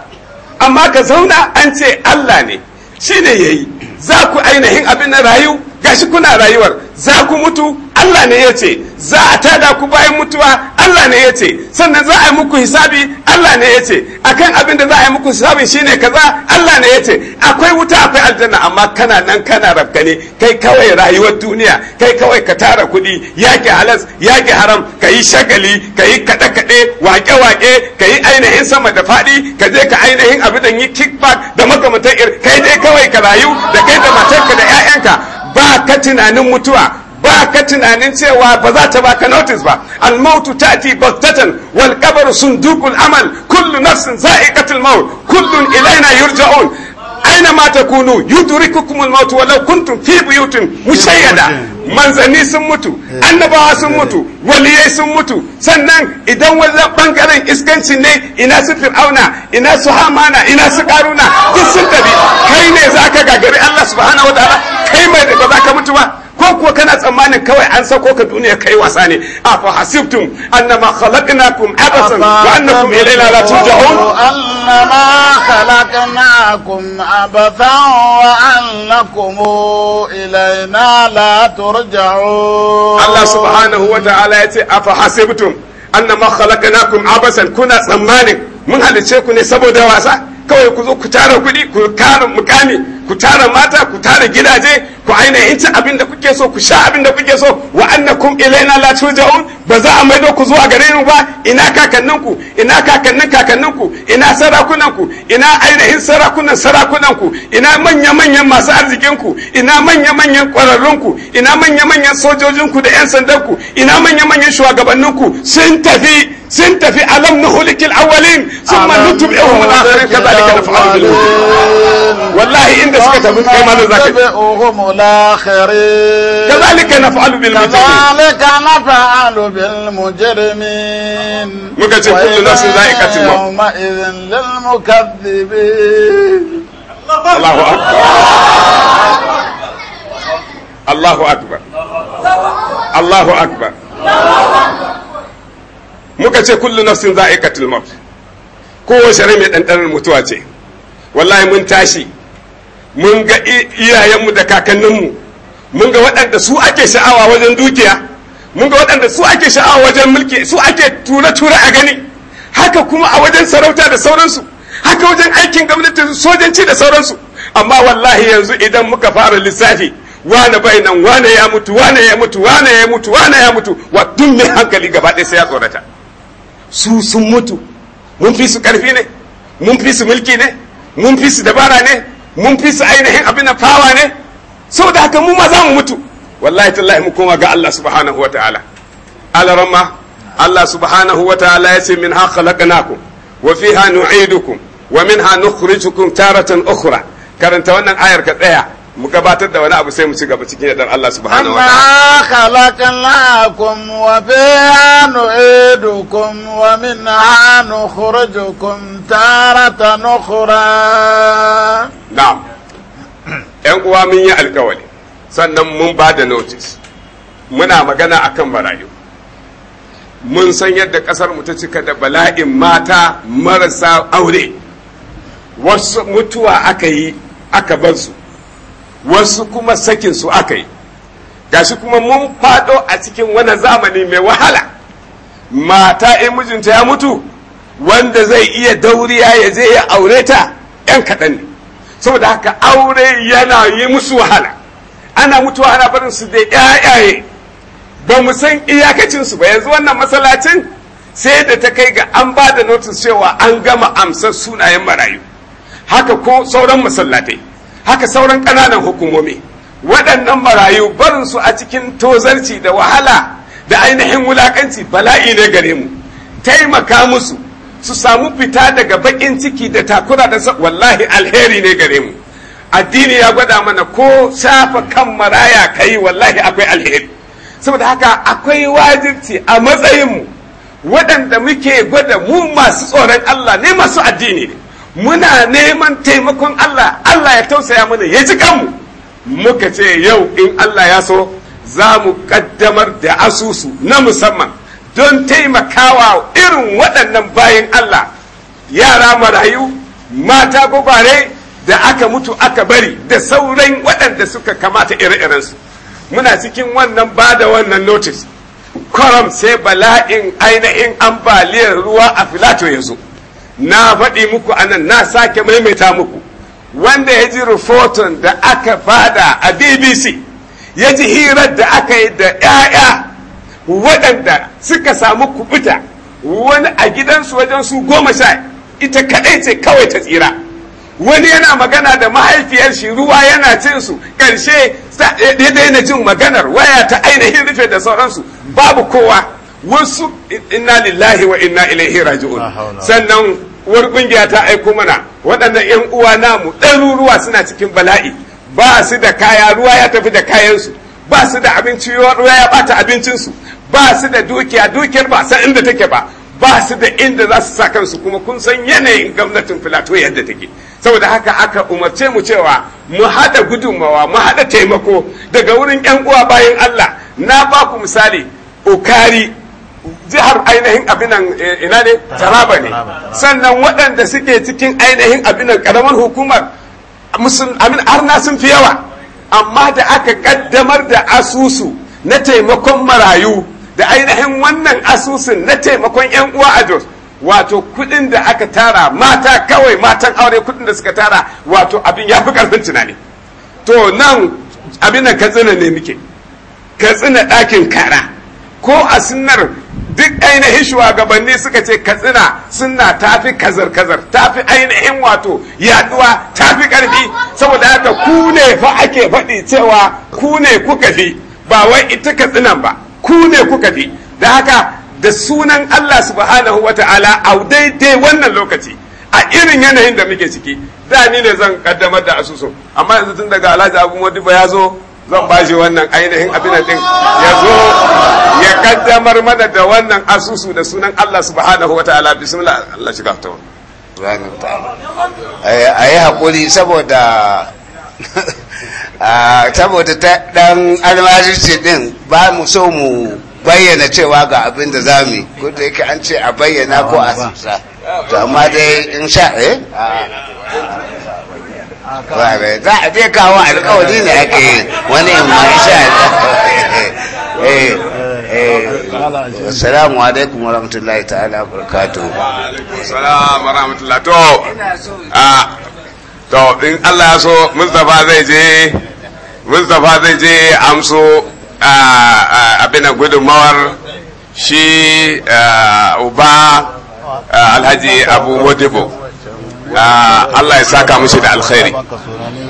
amma ka zauna an ce Allah ne shine yayi za ku ainihin abin na rayu gashi kuna rayuwar za ku mutu Allah ne ya ce za a tada ku bayan mutuwa Allah ne ya ce sannan za a yi muku hisabi Allah ne ya ce akan abin da za a yi muku hisabi shine kaza Allah ne ya ce akwai wuta akwai aljanna amma kana nan kana rafkane kai kawai rayuwar duniya kai kawai ka tara kuɗi yaƙi halas yaƙi haram ka yi shagali ka yi kaɗe-kaɗe waƙe-waƙe ka yi ainihin sama da faɗi ka je ka ainihin abin da yi kickback da makamantar kai dai kawai ka rayu da kai da matarka da 'ya'yanka ba ka tunanin mutuwa ba ka tunanin cewa ba za ta baka notice ba almautu tati baktatan wal qabru sundukul amal kullu nafsin za'iqatul maut kullun ilaina yurja'un aina ma takunu yudrikukum al maut walau kuntum fi buyutin mushayyada manzanni sun mutu eh. annabawa sun eh. mutu waliyai sun mutu sannan idan wani bangaren iskanci ne ina su fir'auna ina su hamana ina su karuna duk sun tabi kai ne za ka gagari allah subhanahu wa ta'ala kai mai da ba za ka mutu ba ko kuwa kana tsammanin kawai an sako ka duniya kai wasa ne a fa hasibtum annama khalaqnakum abasan wa annakum ilayna la turja'un
annama khalaqnakum abasan wa annakum ilayna la turja'un Allah subhanahu wa ta'ala
yace a fa hasibtum annama khalaqnakum abasan kuna tsammanin mun halice ku ne saboda wasa kawai ku zo ku tara kuɗi ku tara mukami ku tara mata ku tara gidaje ku ainihin ci abin da kuke so ku sha abin da kuke so wa annakum ilaina la turja'un ba za a maido ku zuwa gare mu ba ina kakanninku ina kakannin kakanninku ina sarakunanku ina ainihin sarakunan sarakunanku ina manya manyan masu ku ina manya manyan kwararrunku ina manya manyan sojojinku da yan sandan ku ina manya manyan ku sun tafi sun tafi alam nuhulikil awwalin awalin sun ma nutu bi
ohun al'akhirin da na fa'alu wallahi inda suka tafi kai ma zaka الآخرين كذلك نفعل بالمجرمين كذلك نفعل بالمجرمين مكتب كل نفس ذائقة الموت يومئذ للمكذبين الله أكبر الله أكبر الله أكبر
muka ce kullu nafsin za'iqatul maut kowace rai mai ɗanɗanar mutuwa ce wallahi mun tashi mun ga iyayenmu da kakanninmu mun ga waɗanda su ake sha'awa wajen dukiya mun ga waɗanda su ake sha'awa wajen mulki su ake tura-tura a gani haka kuma a wajen sarauta da sauransu haka wajen aikin gwamnati sojanci da sauransu amma wallahi yanzu idan muka fara lissafi wane bai nan wane ya mutu wane ya mutu wane ya mutu wane ya mutu wa duk mai hankali gaba ɗaya sai ya tsorata su sun mutu mun fi su ƙarfi ne mun fi su mulki ne mun fi su dabara ne mun fi su ainihin abin fawa ne saboda haka mu ma za mu mutu wallahi tallahi mu koma ga Allah subhanahu wa ta'ala alarama Allah subhanahu wa ta'ala ya ce min ha khalaqnakum wa fiha nu'idukum wa minha nukhrijukum taratan ukhra karanta wannan ayar ka tsaya mu gabatar da wani abu sai mu ci gaba cikin yadda Allah subhanahu wa
ta'ala khalaqnakum wa fiha nu'idukum wa minha nukhrijukum taratan ukhra
na'am yan uwa mun yi alkawari sannan mun ba da notice muna magana akan marayu mun san yadda ƙasar mu ta cika da bala'in mata marasa aure wasu mutuwa aka yi aka bar su wasu kuma sakin su aka yi gashi kuma mun fado a cikin wani zamani mai wahala mata in mijinta ya mutu wanda zai iya dauriya ya je ya aure ta yan kaɗan ne saboda haka aure yana yi musu wahala ana mutuwa ana barin su da yayaye ba mu san iyakacin su ba yanzu wannan masalacin sai da ta kai ga an ba da notice cewa an gama amsar sunayen marayu haka ko sauran masallatai haka sauran ƙananan hukumomi waɗannan marayu su a cikin tozarci da wahala da ainihin wulaƙanci bala'i ne gare mu taimaka musu su samu fita daga baƙin ciki da takura da sa wallahi alheri ne gare mu addini ya gwada mana ko shafa kan maraya kai wallahi akwai alheri saboda haka akwai wajibci a matsayinmu waɗanda muke gwada mu masu tsoron Allah ne masu addini ne muna neman taimakon Allah Allah ya tausaya mana ya ji kanmu muka ce yau in Allah ya so za mu kaddamar da asusu na musamman don taimakawa irin waɗannan bayan Allah yara marayu mata gubare da aka mutu aka bari da sauran waɗanda suka kamata ire-irensu muna cikin wannan ba da wannan notice kwaram sai bala'in ainihin ambaliyar ruwa a filato ya zo na faɗi muku anan na sake maimaita muku wanda ya ji rufoton da aka fada a bbc ya ji hirar da aka yi da 'ya'ya waɗanda suka samu kubuta wani a gidansu wajen su goma sha ita kaɗai ce kawai ta tsira wani yana magana da mahaifiyar shi ruwa yana cin su ƙarshe ya daina jin maganar waya ta ainihin rufe da sauransu babu kowa wasu inna lillahi wa inna ilaihi raji'un sannan uwar kungiya ta aiko mana waɗannan 'yan uwa namu ɗaruruwa suna cikin bala'i ba su da kaya ruwa ya tafi da kayansu ba su da abinci ruwa ya bata abincinsu ba su da dukiya dukiyar ba san inda take ba ba su da inda za su sa kansu kuma kun san yanayin gwamnatin filato yadda take saboda haka aka umarce mu cewa mu haɗa gudunmawa mu haɗa taimako daga wurin 'yan uwa bayan allah na ba ku misali ukari jihar ainihin abinan eh, ina ne taraba ne sannan waɗanda suke cikin ainihin abinan karamar hukumar amin arna sun fi yawa amma da aka ƙaddamar da asusu na taimakon marayu da ainihin wannan asusun na taimakon 'yan uwa a jos wato kudin da aka tara mata kawai matan aure kudin da suka tara wato abin ya fi karfin tunani to nan abin da katsina ne muke katsina ɗakin kara ko a sunar duk ainihin shugabanni suka ce katsina suna tafi kazar-kazar tafi ainihin wato yaduwa tafi karfi saboda haka ku ne fa ake faɗi cewa ku ne kuka fi ba wai ita katsinan ba ku ne kuka fi da haka da sunan Allah subhanahu wa ta'ala a daidai wannan lokaci a irin yanayin da muke ciki da ni ne zan kaddamar da asusun amma yanzu tun daga alhaji abu ba ya zo zan ba shi wannan ainihin abin din ya zo ya kaddamar mana da wannan asusu da sunan Allah subhanahu wa ta'ala bismillah Allah shiga ta wani a yi haƙuri saboda saboda ta ɗan almajirci ɗin ba mu so mu bayyana cewa ga abin da za mu ko yake an ce a bayyana ko a sa to amma dai in sha
eh za a je kawo alkawari da ake yi wani in ma insha Allah eh, eh. assalamu alaikum wa rahmatullahi ta'ala wa barakatuhu
assalamu wa rahmatullahi to to in Allah ya so Mustafa zai je Mustafa zai je amso abin gudunmawar shi uba alhaji abu modibo Ah, Allah ya saka mushi da alkhairi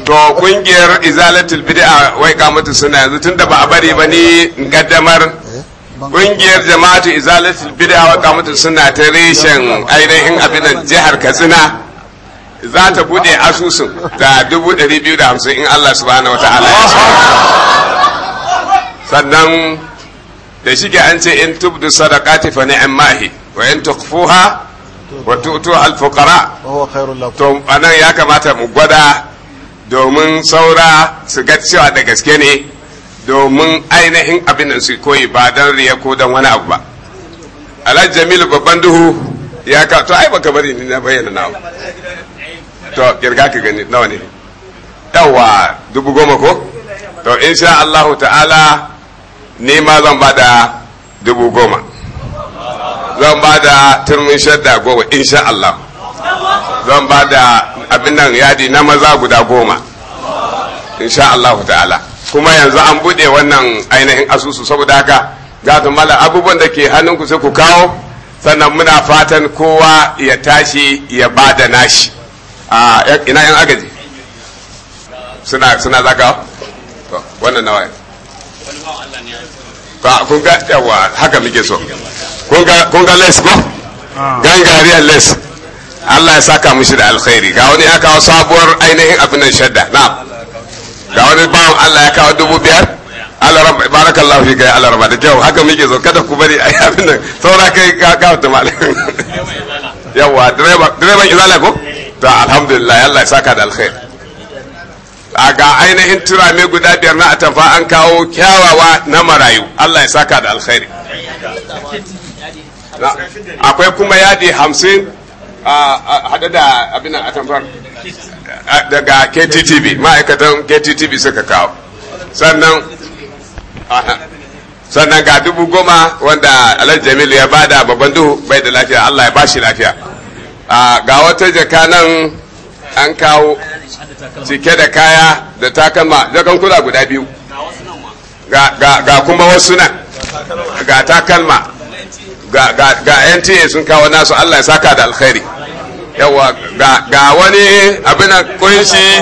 to kungiyar izalatul bid'a wai ka mutu suna yanzu tunda ba a bari ba ni gaddamar kungiyar jama'atu izalatul bid'a wai ka mutu suna ta reshen ainihin abinan jihar Katsina za ta bude asusun da 250 in Allah subhanahu wataala ya sa. sannan da shige an ce in tubdu sadaqati fa ni'mahi wa in tukhfuha wa tu'tu al-fuqara to anan ya kamata mu gwada domin saura su ga cewa da gaske ne domin ainihin abin da su koyi ba dan riya ko dan wani abu ba alhaji jamilu babban duhu ya ka to ai baka bari ni na bayyana na to kirga ka gani nawa ne yawa dubu goma ko to insha Allah ta'ala ni ma zan bada dubu goma zan ba da turmin shadda goma insha Allah zan ba da abin nan yadi na maza guda goma insha Allah ta'ala kuma yanzu an buɗe wannan ainihin asusu saboda haka za ta mala abubuwan da ke hannunku sai ku kawo sannan muna fatan kowa ya tashi ya ba da nashi ina yan agaji suna suna zaka wannan nawa kun ga yawa haka muke so kun ga les ko ah. gangare a les Allah ya saka mushi da alkhairi ga wani ya kawo sabuwar ainihin abin nan shadda na ga wani bawan Allah ya kawo dubu biyar Allah rabba barakallahu fi kai Allah rabba da kyau haka muke zo kada ku bari a abin nan saura kai ka kawo ta malin yawa direban izala ko to alhamdulillah Allah ya saka da alkhairi a ga ainihin turame guda biyar na atamfa an kawo kyawawa na marayu Allah ya saka da alkhairi akwai kuma yadi hamsin hada da abin a atamfar daga kttv ma'aikatan kttv suka kawo sannan sannan ga dubu goma wanda alhaji jamilu ya bada babban duhu bai da lafiya allah ya bashi lafiya ga wata jaka nan an kawo cike da kaya da takalma jakan kula guda biyu ga kuma wasu nan ga takalma ga ga NTA sun kawo nasu Allah ya saka da alkhairi yawa ga wani abin kunshi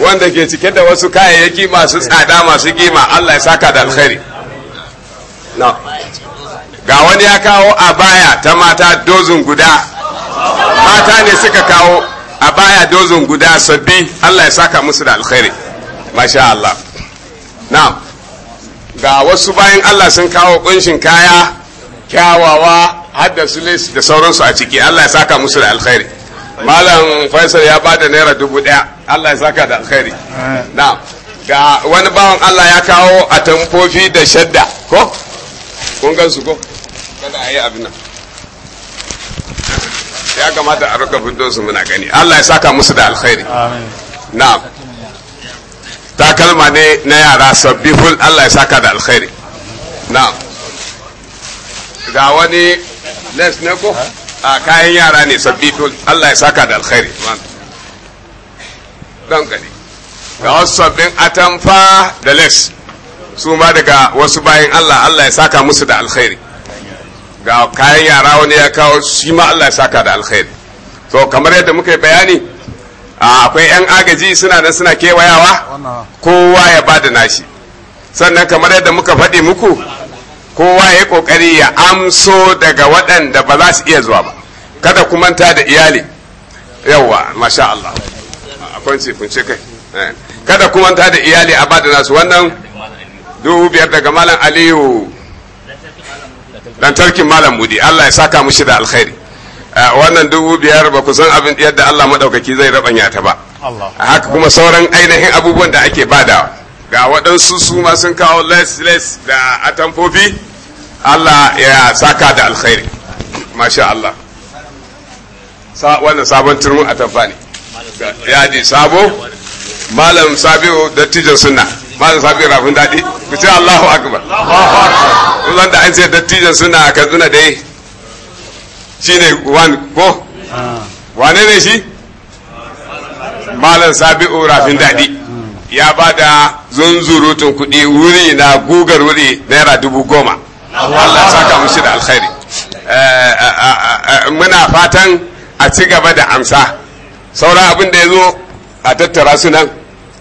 wanda ke cike da wasu kayayyaki masu tsada masu gima Allah ya saka da alkhairi ga wani ya kawo a baya ta mata dozin guda mata ne suka kawo a baya dozin guda sabbi Allah ya saka musu da alkhairi masha Allah na ga wasu bayan Allah sun kawo kunshin kaya kyawawa haddasa da sauransu a ciki Allah ya saka musu da alkhairi malam faisal ya bada naira dubu daya Allah ya saka da alkhairi na ga wani bawan Allah ya kawo a tamfofi da shadda ko kun gan su ko kada a yi abin nan ya kamata a rika fito su muna gani Allah ya saka musu da alkhairi na takalma ne na yara sabbihul Allah ya saka da alkhairi na ga wani les ne ko a kayan yara ne sabbi Allah ya saka da alkhairi don gani ga wasu sabbin atamfa da les su ma daga wasu bayan Allah Allah ya saka musu da alkhairi ga kayan yara wani ya kawo shi ma Allah ya saka da alkhairi to kamar yadda muka yi bayani akwai 'yan agaji suna nan suna kewayawa kowa ya ba da nashi sannan kamar yadda muka faɗi muku kowa ya kokari ya amso daga waɗanda ba za su iya zuwa ba kada ku manta da iyali yawa masha Allah akwai kunce kai eh. kada ku manta da iyali a bada nasu wannan dubu biyar daga malam aliyu lantarkin malam mudi Allah ya saka shi da alkhairi eh, wannan dubu biyar ba ku san abin yadda Allah maɗaukaki zai rabanya ta ba haka kuma sauran ainihin abubuwan da ake badawa ga waɗansu su ma sun kawo les-les da atamfofi Allah ya saka da alkhairi masha Allah wannan sabon a tafa ne ji sabo malam sabiu dattijan sunna malam sabiu rafin daɗi ku ce Allahu akbar kusan da an ce dattijan sunna a kaduna dai shine wan ko ah. wane ne shi malam sabiu rafin daɗi ya ba da zunzurutun kuɗi wuri na gugar wuri naira dubu goma Allah saka mushi da alkhairi eh, eh, eh, muna fatan a ci gaba da amsa sauran abin da ya zo a tattara sunan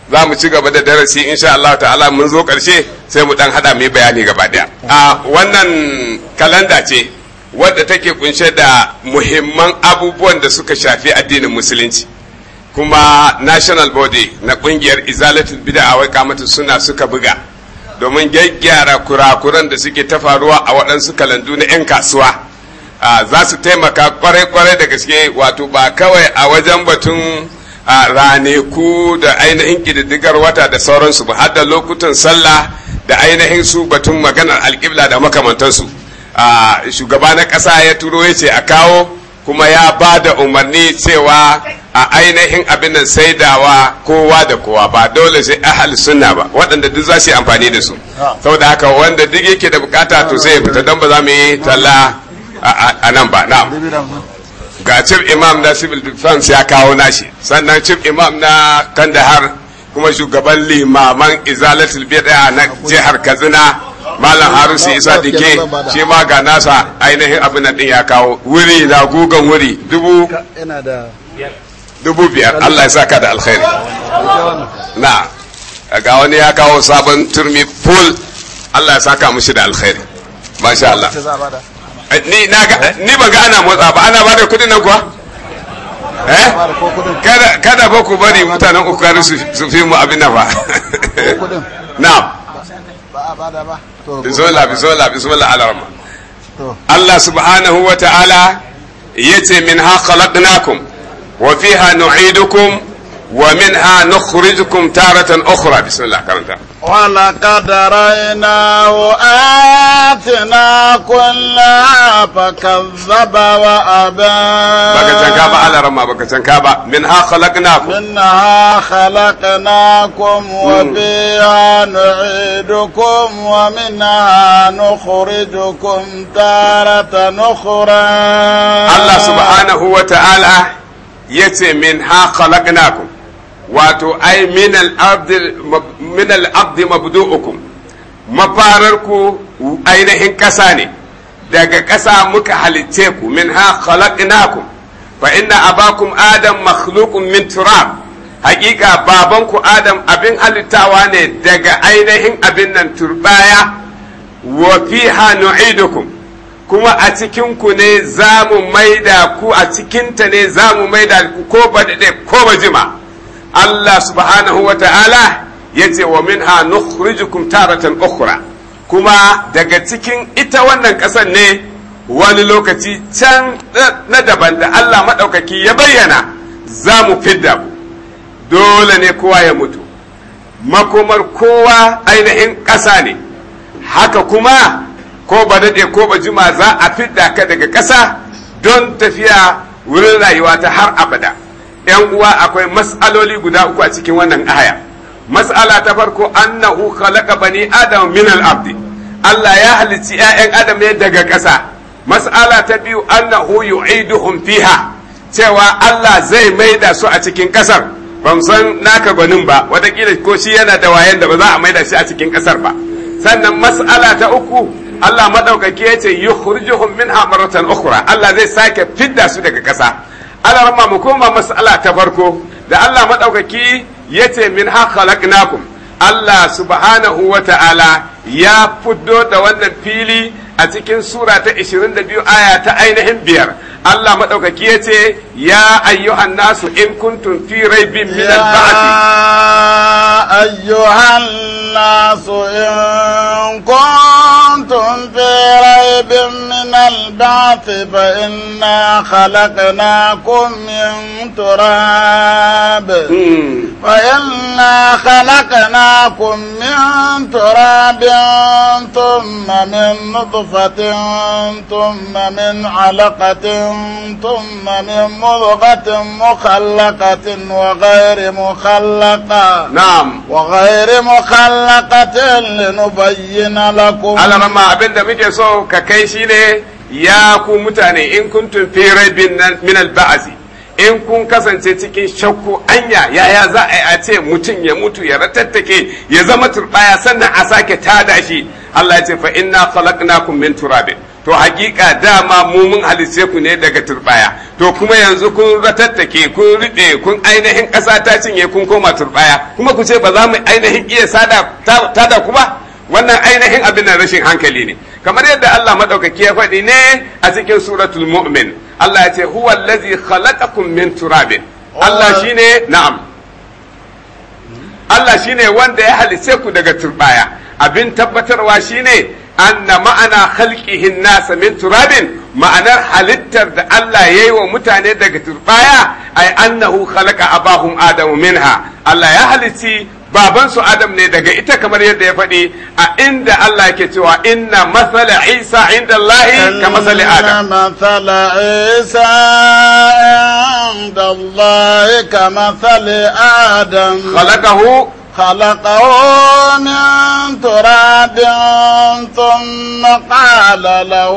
nan za mu ci gaba da darasi insha Allah ta'ala mun zo karshe sai mu dan hada mai bayani gaba daya a wannan kalanda ce wadda take kunshe da muhimman abubuwan da suka shafi addinin musulunci kuma national body na kungiyar izalatul bid'a wai kamata suna suka buga domin gyaggyara kurakuran da suke ta faruwa a waɗansu kalandu na 'yan kasuwa za su taimaka kwarai-kwarai da gaske wato ba kawai a wajen batun raneku da ainihin ƙididdigar wata da sauransu ba har da lokutan sallah da ainihin su batun maganar alƙibla da makamantansu shugaba na ƙasa ya turo ya ce a kawo kuma ya ba da umarni cewa a ainihin abin nan saidawa kowa da kowa ba dole sai ahal sunna ba waɗanda duk za su yi amfani da su ah. saboda haka wanda duk yake da bukata to sai fita don ba za mu yi talla a nan ba na'am ga chief imam na civil defense ya kawo nashi sannan chief imam na kandahar kuma shugaban limaman izalatul bid'a na jihar kaduna
malam harusi isa dike shi ma
ga nasa ainihin abin nan din ya kawo wuri na gugan wuri dubu dubu biyar Allah ya sa ka da alkhairi na ga wani ya kawo sabon turmi pool Allah ya sa ka mushi da alkhairi masha Allah eh, ni ba ga ana motsa ba ana bada kudin nan kuwa eh kada kada ba ku bari mutanen uku su su fi mu abin nafa na na'am ba a bada ba bismillah bismillah bismillah alarma Allah subhanahu wa ta'ala yace min ha khalaqnakum وفيها نعيدكم ومنها نخرجكم تارة أخرى بسم الله كرمتا
ولقد رأيناه آتنا كلها فكذب وأبى بكتنكابا
على رما بكتنكابا منها خلقناكم
منها خلقناكم وفيها نعيدكم ومنها نخرجكم تارة أخرى الله سبحانه وتعالى
yace min ha khalaqnakum wato ai min al-abd mabdu'ukum mafararku ainihin ƙasa ne daga ƙasa muka halicce ku min ha khalaqnakum fa inna abakum adam makhluqun min turab haƙiƙa babanku adam abin halittawa ne daga ainihin abin nan turbaya wa fiha nu'idukum kuma a cikinku ne za mu maida ku a cikinta ne za mu maida ku ko ba daɗe ko ba jima Allah subhanahu wa ta'ala ya ce wa min ha nukhrijukum taratan ukhra kuma daga cikin ita wannan ƙasar ne wani lokaci can na daban da Allah maɗaukaki ya bayyana za mu fidda ku dole ne kowa ya mutu makomar kowa ainihin ƙasa ne haka kuma ko ba daɗe ko ba jima za a fidda ka daga ƙasa don tafiya wurin rayuwa ta har abada ‘yan uwa akwai mas'aloli guda uku a cikin wannan aya mas'ala ta farko annahu khalaqa bani adam min al-abdi Allah ya halicci ‘ya'yan adam ne daga ƙasa mas'ala ta biyu annahu yu'iduhum fiha cewa Allah zai maida su a cikin ƙasar ban san naka gwanin ba watakila ko shi yana da wayan da ba za a maida shi a cikin ƙasar ba sannan mas'ala ta uku Allah madaukaki yace yukhrijuhum min maratan ukhra Allah zai sake fidda su daga ƙasa Allah ramma mu koma mas'ala ta farko da Allah madaukaki yace minha khalaqnakum Allah subhanahu wa ta'ala ya fuddo da wannan fili a cikin sura ta 22 aya ta ainihin biyar Allah maɗaukaki ya ce ya ayyuhan nasu in kuntum fi raibin min al-ba'thi ya
ayyuhan nasu in kuntum fi raibin min al-ba'thi fa inna khalaqnakum min turab fa inna khalaqnakum min turab thumma min nutfatin thumma min 'alaqatin ثم من مضغة مخلقة وغير مخلقة نعم وغير مخلقة لنبين لكم على
ما أبن دمك سو ya ku mutane in kun fi raibin min in kun kasance cikin shakku anya yaya za a a ce mutum ya mutu ya ratattake ya zama turbaya sannan a sake tada shi Allah ya ce fa inna khalaqnakum min turabin to hakika dama mu mun halice ku ne daga turbaya to kuma yanzu kun ratattake kun riɓe kun ainihin ƙasa ta cinye kun koma turbaya kuma ku ce ba za mu ainihin iya sada tada ku ba wannan ainihin abin nan rashin hankali ne kamar yadda Allah madaukaki ya faɗi ne a cikin suratul mu'min Allah ya ce huwa allazi khalaqakum min turabin Allah oh. shine na'am Allah shine wanda ya halice ku daga turbaya abin tabbatarwa shine anna ma'ana khalqihin nasa min ma'anar halittar da Allah yayi wa mutane daga turbaya ay annahu a abahum adamu minha Allah ya halici babansu Adam ne daga ita kamar yadda ya faɗi a inda Allah ke cewa inna masala Isa inda Allah ka masala
Adam. Inna masala Isa inda Allah ka masala Adam. Khalaqahu خلقه من تراب ثم قال له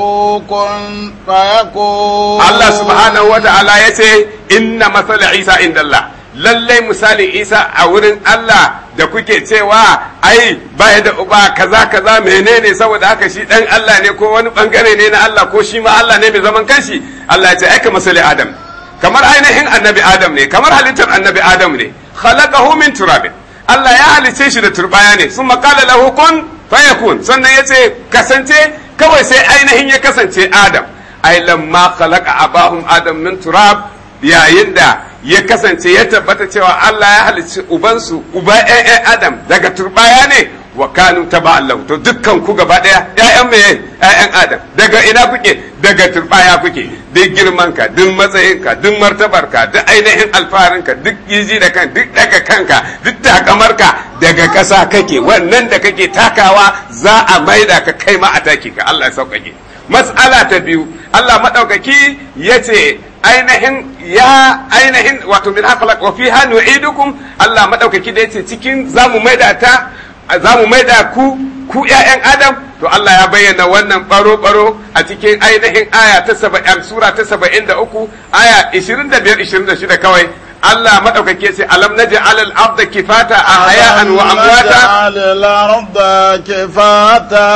كن فيكون الله سبحانه وتعالى
يتي إن مثل عيسى عند الله lallai misalin isa a wurin Allah da kuke cewa ai baya da uba kaza kaza menene saboda haka shi dan Allah ne ko wani bangare ne na Allah ko shi ma Allah ne mai zaman kanshi Allah ya ce aika misali Adam kamar ainihin annabi Adam ne kamar halittar annabi Adam ne khalaqahu min turabin Allah ya halice shi da turbaya ne sun makala lahukun hukun fayakun sannan ya ce kasance kawai sai ainihin ya kasance adam ai lamma khalaqa abahum adam min turab yayin da ya kasance ya tabbata cewa Allah ya halicci ubansu uba ɗaya adam daga turbaya ne wa kanu taba Allah to dukkan ku gaba daya ƴaƴan meye ƴaƴan adam daga ina kuke daga turbaya kuke duk girman ka duk matsayin ka duk martabar ka duk ainihin alfarin ka duk yiji da kan duk daga kanka duk takamar ka daga ƙasa kake wannan da kake takawa za a maida ka kai ma a ka Allah ya sauƙaƙe mas'ala ta biyu Allah madaukaki yace ainihin ya ainihin wato min akhlaq wa fiha nu'idukum Allah madaukaki da yace cikin zamu maida ta za mu maida ku ku ya'yan adam to Allah ya bayyana wannan baro baro a cikin ainihin aya ta saba'in sura ta saba'in da uku aya 25 26 kawai Allah maɗaukake sai alam na ji alal abda kifata a haya'an wa amwata?
Alal abda kifata.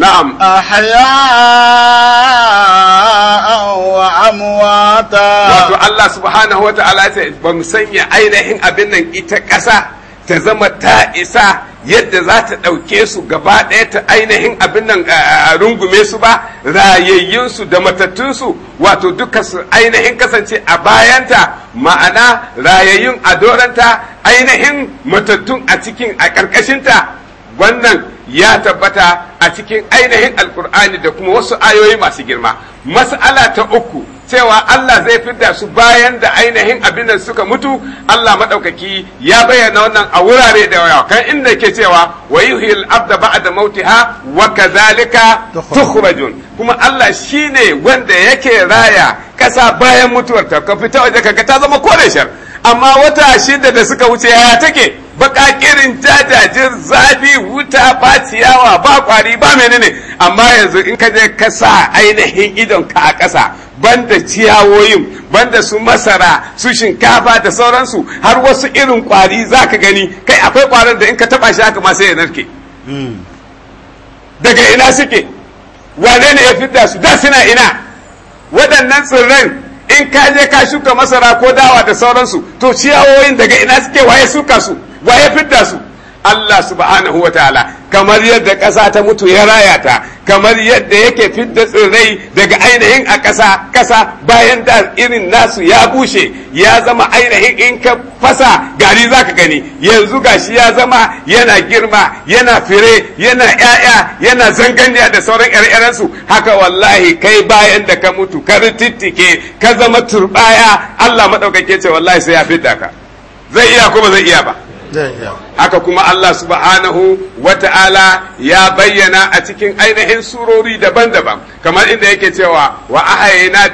Na'am. A haya'an wa amwata. Wato Allah subhanahu wa ta'ala ya ce ba mu
sanya ainihin abin nan ita ƙasa ta zama ta isa yadda za ta ɗauke su gaba ɗaya ta ainihin abin nan a rungume su ba rayayyunsu da matattunsu wato duka su ainihin kasance a bayanta ma'ana rayayyun a doranta ainihin matattun a cikin a ƙarƙashinta wannan ya tabbata a cikin ainihin alkur'ani da kuma wasu ayoyi masu girma mas'ala ta uku cewa Allah zai fidda su bayan da ainihin abin da suka mutu Allah madaukaki ya bayyana wannan a wurare da yawa kan inda ke cewa wa abdaba'a abda ba'da mautiha wa kadhalika tukhrajun kuma Allah shine wanda yake raya kasa bayan mutuwarta ka fita waje kaga ta zama kore shar amma wata shida da suka wuce yaya take kirin jajajir zafi wuta ba ciyawa ba kwari ba menene amma yanzu in ka je ka sa ainihin idon ka a ƙasa banda ciyawoyin banda su masara su shinkafa da sauransu har wasu irin kwari za ka gani kai akwai kwarin da in ka taba shi haka ma sai ya narke daga ina suke wane ne ya fidda su da suna ina waɗannan tsirran in ka je ka shuka masara ko dawa da sauransu to ciyawoyin daga ina suke waye suka su waye fidda su Allah subhanahu wa ta'ala kamar yadda ƙasa ta mutu ya raya ta kamar yadda yake fidda tsirrai daga ainihin a ƙasa ƙasa bayan da irin nasu ya bushe ya zama ainihin in ka fasa gari zaka gani yanzu gashi ya zama yana girma yana fire yana ƴaƴa yana zanganiya da sauran ƴar'ƴaransu haka wallahi kai bayan da ka mutu ka ritittike ka zama turbaya Allah madaukake ce wallahi sai ya fidda ka zai iya ko ba zai iya ba zai iya haka kuma Allah subhanahu wata'ala ya bayyana a cikin ainihin surori daban-daban kamar inda yake cewa wa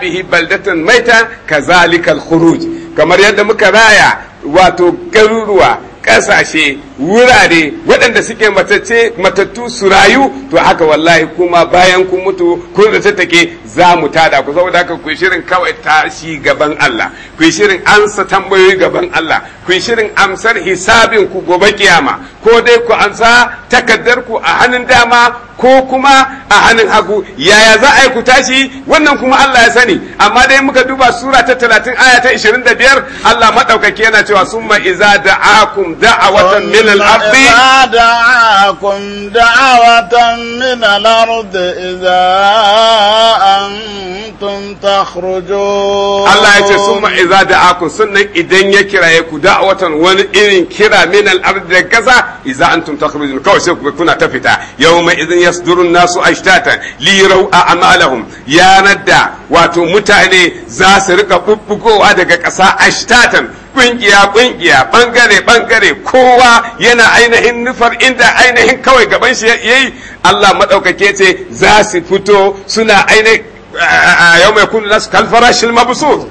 bihi baldatan maita kazalikal khuruj kamar yadda muka raya wato garuruwa ƙasashe wurare waɗanda suke matacce matattu su rayu to haka wallahi kuma bayan kun mutu kun da take za mu tada ku saboda haka ku shirin kawai tashi gaban Allah ku shirin ansa tambayoyi gaban Allah ku shirin amsar hisabin ku gobe kiyama ko dai ku amsa takaddar ku a hannun dama ko kuma a hannun hagu yaya za a yi ku tashi wannan kuma Allah ya sani amma dai muka duba sura ta 30 aya ta 25 Allah madaukake yana cewa summa iza da'akum da'awatan min الأرض إذا
دعاكم دعوة من الأرض إذا أنتم تخرجون الله يجي ثم
إذا دعاكم سنة إذن يكرا يكو دعوة ونئن كرا من الأرض كذا إذا أنتم تخرجون كو سيكو كنا تفتا يومئذ يصدر الناس أشتاتا ليروا أعمالهم يا ندى واتو متعني زاس رقا ببقوا هذا كسا أشتاتا kungiya kungiya bangare bangare kowa yana ainihin nufar inda ainihin kawai gaban shi yayi Allah madaukake ce za su fito suna ainihin yau mai kun nasu kalfarashin mabusur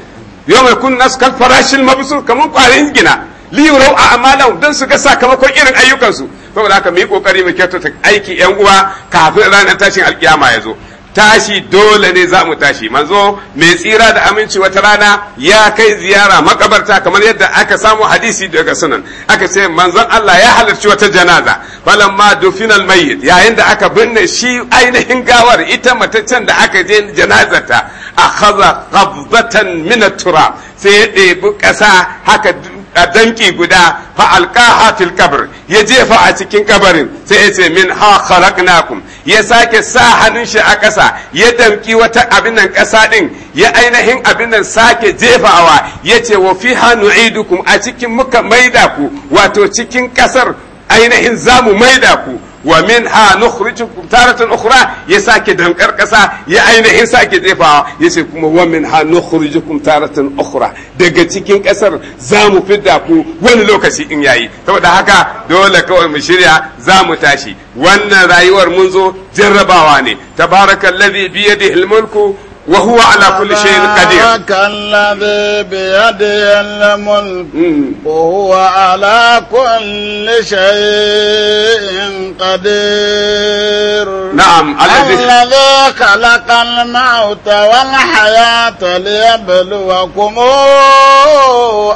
yau mai kun mabusur kamar kwarin gina liyurau a amalan don su ga sakamakon irin ayyukansu saboda haka mu yi kokari mu kyautata aiki yan uwa kafin ranar tashin alkiyama ya zo tashi dole ne za mu tashi manzo mai tsira da aminci wata rana ya kai ziyara makabarta kamar yadda aka samu hadisi daga sunan aka ce manzon Allah ya halarci wata janaza falamma dufinal mayyit yayin da aka binne shi ainihin gawar ita mataccen da aka je janazarta akhadha qabdatan min at-turab sai ya ɗebi ƙasa haka a danki guda fa alqaha fil qabr ya jefa a cikin kabarin sai ya ce min ha khalaqnakum ya sake sa hannun shi a ƙasa ya damki wata abin nan ƙasa din ya ainihin abin nan sake jefawa ya ce wa fiha nu'idukum a cikin muka maida ku wato cikin ƙasar ainihin zamu maida ku wa min ha nukhrijukum taratan ukhra ya sake dankar kasa ya ainihin sake jefawa yace kuma wa min ha nukhrijukum taratan ukhra daga cikin kasar zamu fidda ku wani lokaci in yayi saboda haka dole kawai mu shirya za mu tashi wannan rayuwar mun zo jarrabawa ne tabarakallazi bi yadihi almulku
وهو على كل شيء قدير تبارك الذي بيده الملك وهو على كل شيء قدير نعم الذي خلق الموت والحياة ليبلوكم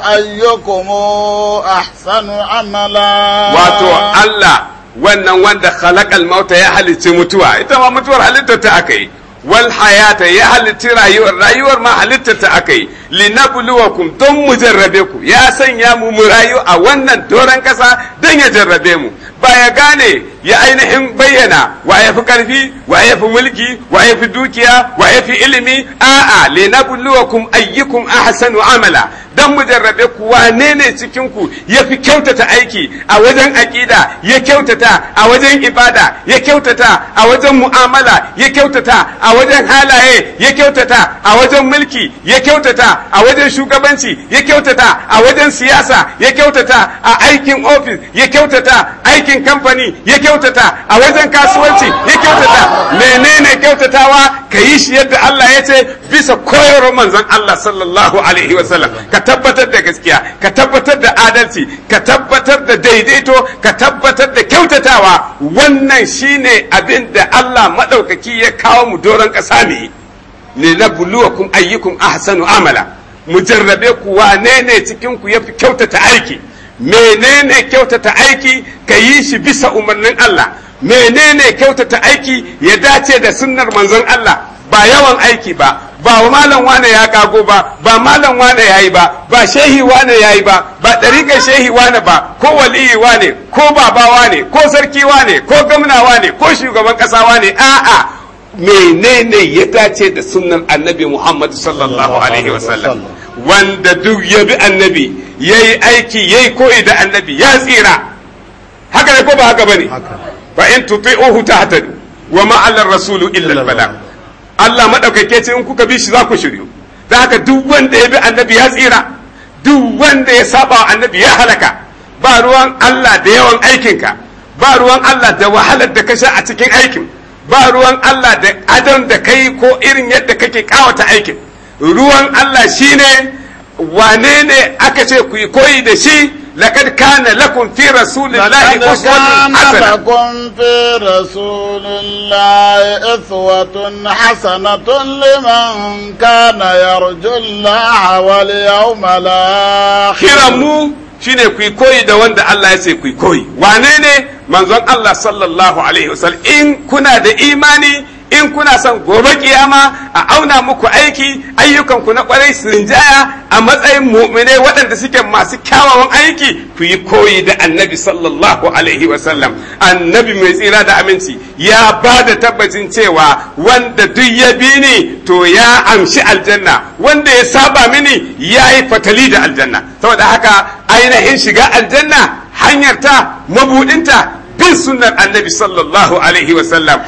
أيكم أحسن عملا واتو
الله wannan wanda khalaqal mauta ya halicci mutuwa ita ma mutuwar halitta ta akai wal hayata ya halitti rayuwar rayuwar ma halittar ta akai linabluwakum don mu jarrabe ku ya sanya mu mu rayu a wannan doran kasa don ya jarrabe mu Wa ya gane ya ainihin bayyana wa ya fi karfi wa ya fi mulki wa ya fi dukiya wa ya fi ilimi a'a linabluwakum ayyukum ahsanu amala dan mu ku wane ne cikin ku ya fi kyautata aiki a wajen aƙida ya kyautata a wajen ibada ya kyautata a wajen mu'amala ya kyautata a wajen halaye ya kyautata a wajen mulki ya kyautata a wajen shugabanci ya kyautata a wajen siyasa ya kyautata a aikin ofis ya kyautata aikin aikin kamfani ya kyautata a wajen kasuwanci ya kyautata menene kyautatawa ka yi shi yadda Allah ya ce bisa koyarwar manzon Allah sallallahu alaihi wasallam ka tabbatar da gaskiya ka tabbatar da adalci ka tabbatar da daidaito ka tabbatar da kyautatawa wannan shine abin da Allah maɗaukaki ya kawo mu doron ƙasa ne linabluwakum ayyukum ahsanu amala mu jarrabe ku wane ne cikin ku yafi kyautata aiki menene kyautata aiki ka yi shi bisa umarnin Allah menene kyautata aiki ya dace da sunnar manzon Allah ba yawan aiki ba ba malam wane ya kago ba ba malam wane yayi ba ba shehi wane yayi ba ba ɗariƙar shehi wane ba ko waliyi wane ko baba wane ko sarki wane ko gwamna wane ko shugaban ƙasa wane a'a menene ya dace da sunnan annabi Muhammad sallallahu alaihi wasallam wanda duk ya bi annabi ya yi aiki ya yi koyi da annabi ya tsira haka ne ko ba haka ba ne ba in tuti ohu ta hatari wa ma'alar rasulu illal bala Allah maɗaukake ce in kuka bi shi za ku shiryu da haka duk wanda ya bi annabi ya tsira duk wanda ya saba wa annabi ya halaka ba ruwan Allah da yawan aikinka ba ruwan Allah da wahalar da ka sha a cikin aikin ba ruwan Allah da adon da kai ko irin yadda kake kawata aikin ruwan Allah shi ne
wane ne
aka ce ku yi koyi da shi لقد كان لكم في رسول الله أسوة حسنة
لكم في رسول الله أسوة حسنة لمن كان يرجو الله واليوم الآخر
mu shine ku koyi da wanda Allah ya ce ku koyi wane ne manzon Allah sallallahu alaihi wasallam in kuna da imani in kuna son gobe kiyama a auna muku aiki ayyukanku na kwarai su rinjaya a matsayin mu'minai waɗanda suke masu kyawawan aiki ku yi koyi da annabi sallallahu alaihi wasallam annabi mai tsira da aminci ya ba da tabbacin cewa wanda duk ya bi ni to ya amshi aljanna wanda ya saba mini ya yi fatali da aljanna saboda haka ainihin shiga aljanna hanyarta mabudinta bin sunnar annabi sallallahu alaihi wasallam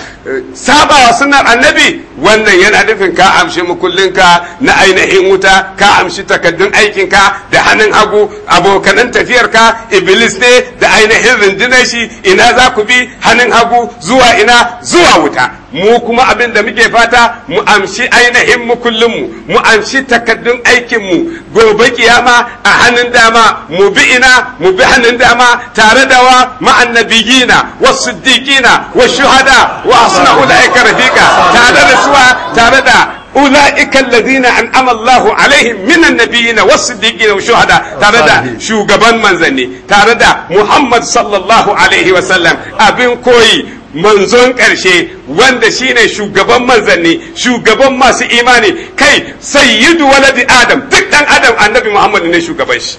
sabawa sunnar annabi wannan yana nufin ka amshi mukullinka na ainihin wuta ka amshi takaddun ka da hannun hagu abokanan ka iblis ne da ainihin rundunar shi ina za ku bi hannun hagu zuwa ina zuwa wuta mu kuma abin da muke fata mu amshi ainihin mukullinmu mu mu amshi takaddun mu gobe kiyama a hannun dama mu bi ina mu bi hannun dama tare da wa ma'annabiyina wasu siddiqina wa shuhada wa husna ulaika rafiqa tare da suwa tare da ulaika alladhina an amallahu alaihim minan nabiyina na siddiqina wash-shuhada tare da shugaban manzanni tare da Muhammad sallallahu alaihi wa sallam abin koyi manzon ƙarshe wanda shine shugaban manzanni shugaban masu imani kai sayyidu waladi adam duk dan adam annabi muhammad ne shugaban shi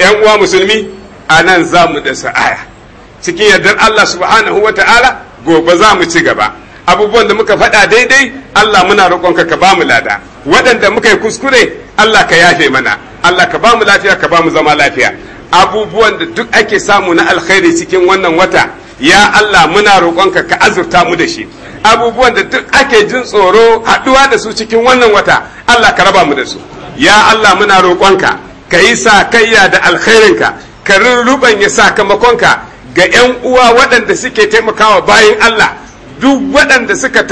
yan uwa musulmi a nan za mu da sa'aya cikin yardar allah subhanahu wa ta'ala gobe za mu ci gaba abubuwan da muka faɗa daidai Allah muna roƙonka ka bamu lada waɗanda muka yi kuskure Allah ka yafe mana Allah ka bamu lafiya ka bamu zama lafiya abubuwan da duk ake samu na alkhairi cikin wannan wata ya Allah muna roƙonka ka azurta mu da shi abubuwan da duk ake jin tsoro haɗuwa da su cikin wannan wata Allah ka raba mu da su ya Allah muna roƙonka ka yi sa sakayya da alkhairinka ka rurrubanya sakamakonka ga 'yan uwa waɗanda suke taimakawa bayan Allah duk waɗanda suka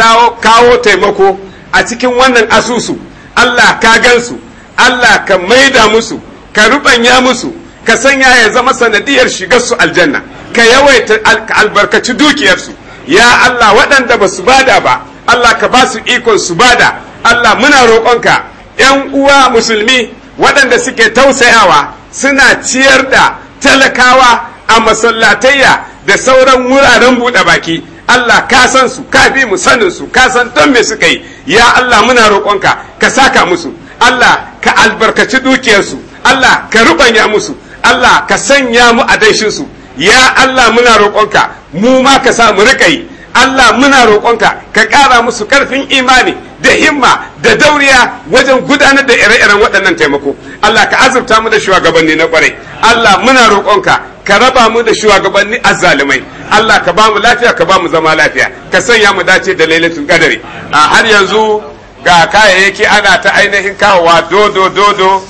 kawo taimako a cikin wannan asusu Allah ka gansu Allah ka maida musu ka rubanya musu ka sanya ya zama sanadiyar su aljanna ka yawaita albarkaci dukiyarsu ya Allah waɗanda ba su bada ba Allah ka ba su ikon su bada Allah muna roƙonka 'yan uwa musulmi waɗanda suke tausayawa suna ciyar da talakawa a masallatayya da sauran wuraren buɗe baki Allah ka san su ka bi mu sanin su ka san don me suka yi ya Allah muna roƙonka ka saka musu Allah ka albarkaci dukiyarsu Allah ka rubanya musu Allah ka sanya mu a daishin su ya Allah muna roƙonka mu ma ka sa mu riƙa yi Allah muna roƙonka ka ƙara musu ƙarfin imani da himma da dauriya wajen gudanar da ire-iren waɗannan taimako Allah ka azurta mu da shugabanni na ƙwarai Allah muna roƙonka ka raba mu da shugabanni azzalumai Allah ka bamu lafiya ka bamu zama lafiya ka sanya mu dace da lailatul qadari a har yanzu ga kayayyaki ana ta ainihin kawowa dodo dodo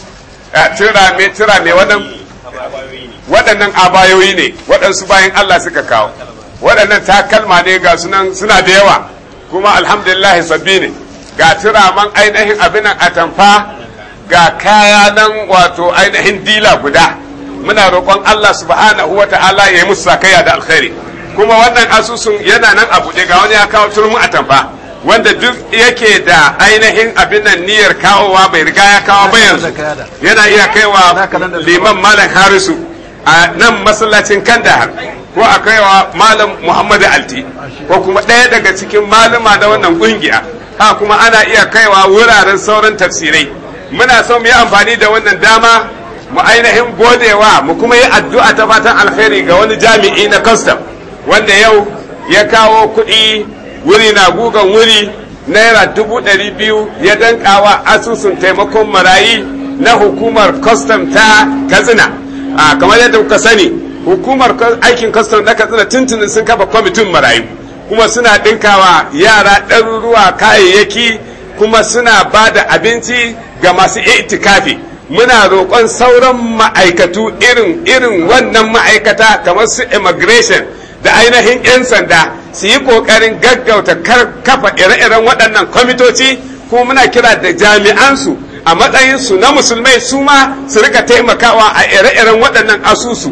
turame turame waɗannan abayoyi ne waɗansu bayan Allah suka kawo waɗannan takalma ne ga sunan suna da yawa kuma alhamdulillah sabbi ne ga turaman ainihin abinan atamfa ga kaya nan wato ainihin dila guda muna roƙon Allah subhanahu wa ta'ala ya yi musu sakayya da alkhairi kuma wannan asusun yana nan a buɗe ga wani ya kawo turmi a tamfa wanda duk yake da ainihin abin nan niyyar kawowa bai riga ya kawo ba yanzu yana iya kaiwa liman malam harisu a nan masallacin kandahar ko a kaiwa malam muhammadu alti ko kuma ɗaya daga cikin malama da wannan ƙungiya ha kuma ana iya kaiwa wuraren sauran tafsirai muna son mu yi amfani da wannan dama mu ainihin godewa mu kuma yi addu'a ta fatan alkhairi ga wani jami'i na custom wanda yau ya kawo kuɗi wuri na gugan wuri naira dubu ɗari biyu ya dankawa asusun taimakon marayi na hukumar custom ta katsina a kamar yadda kuka sani hukumar aikin custom na katsina tuntunin sun kafa kwamitin marayu kuma suna ɗinkawa yara ɗaruruwa kayayyaki kuma suna ba da abinci ga masu itikafi muna roƙon sauran ma'aikatu irin irin wannan ma'aikata kamar su immigration da ainihin 'yan sanda su yi ƙoƙarin gaggauta kafa ire-iren waɗannan kwamitoci ko muna kira da jami'ansu a matsayinsu na musulmai su ma su rika taimakawa a ire-iren waɗannan asusu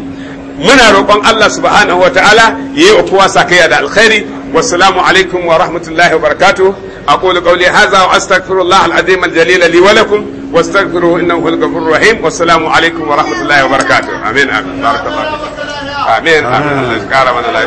muna roƙon Allah subhanahu wa ta'ala ya yi wa kowa sakayya da alkhairi wasu alaikum wa rahmatullahi wa barakatuh أقول قولي هذا وأستغفر الله العظيم الجليل لي ولكم واستغفروه إنه هو الغفور الرحيم والسلام عليكم ورحمة الله وبركاته آمين آمين بارك الله آمين آمين, آمين. آمين.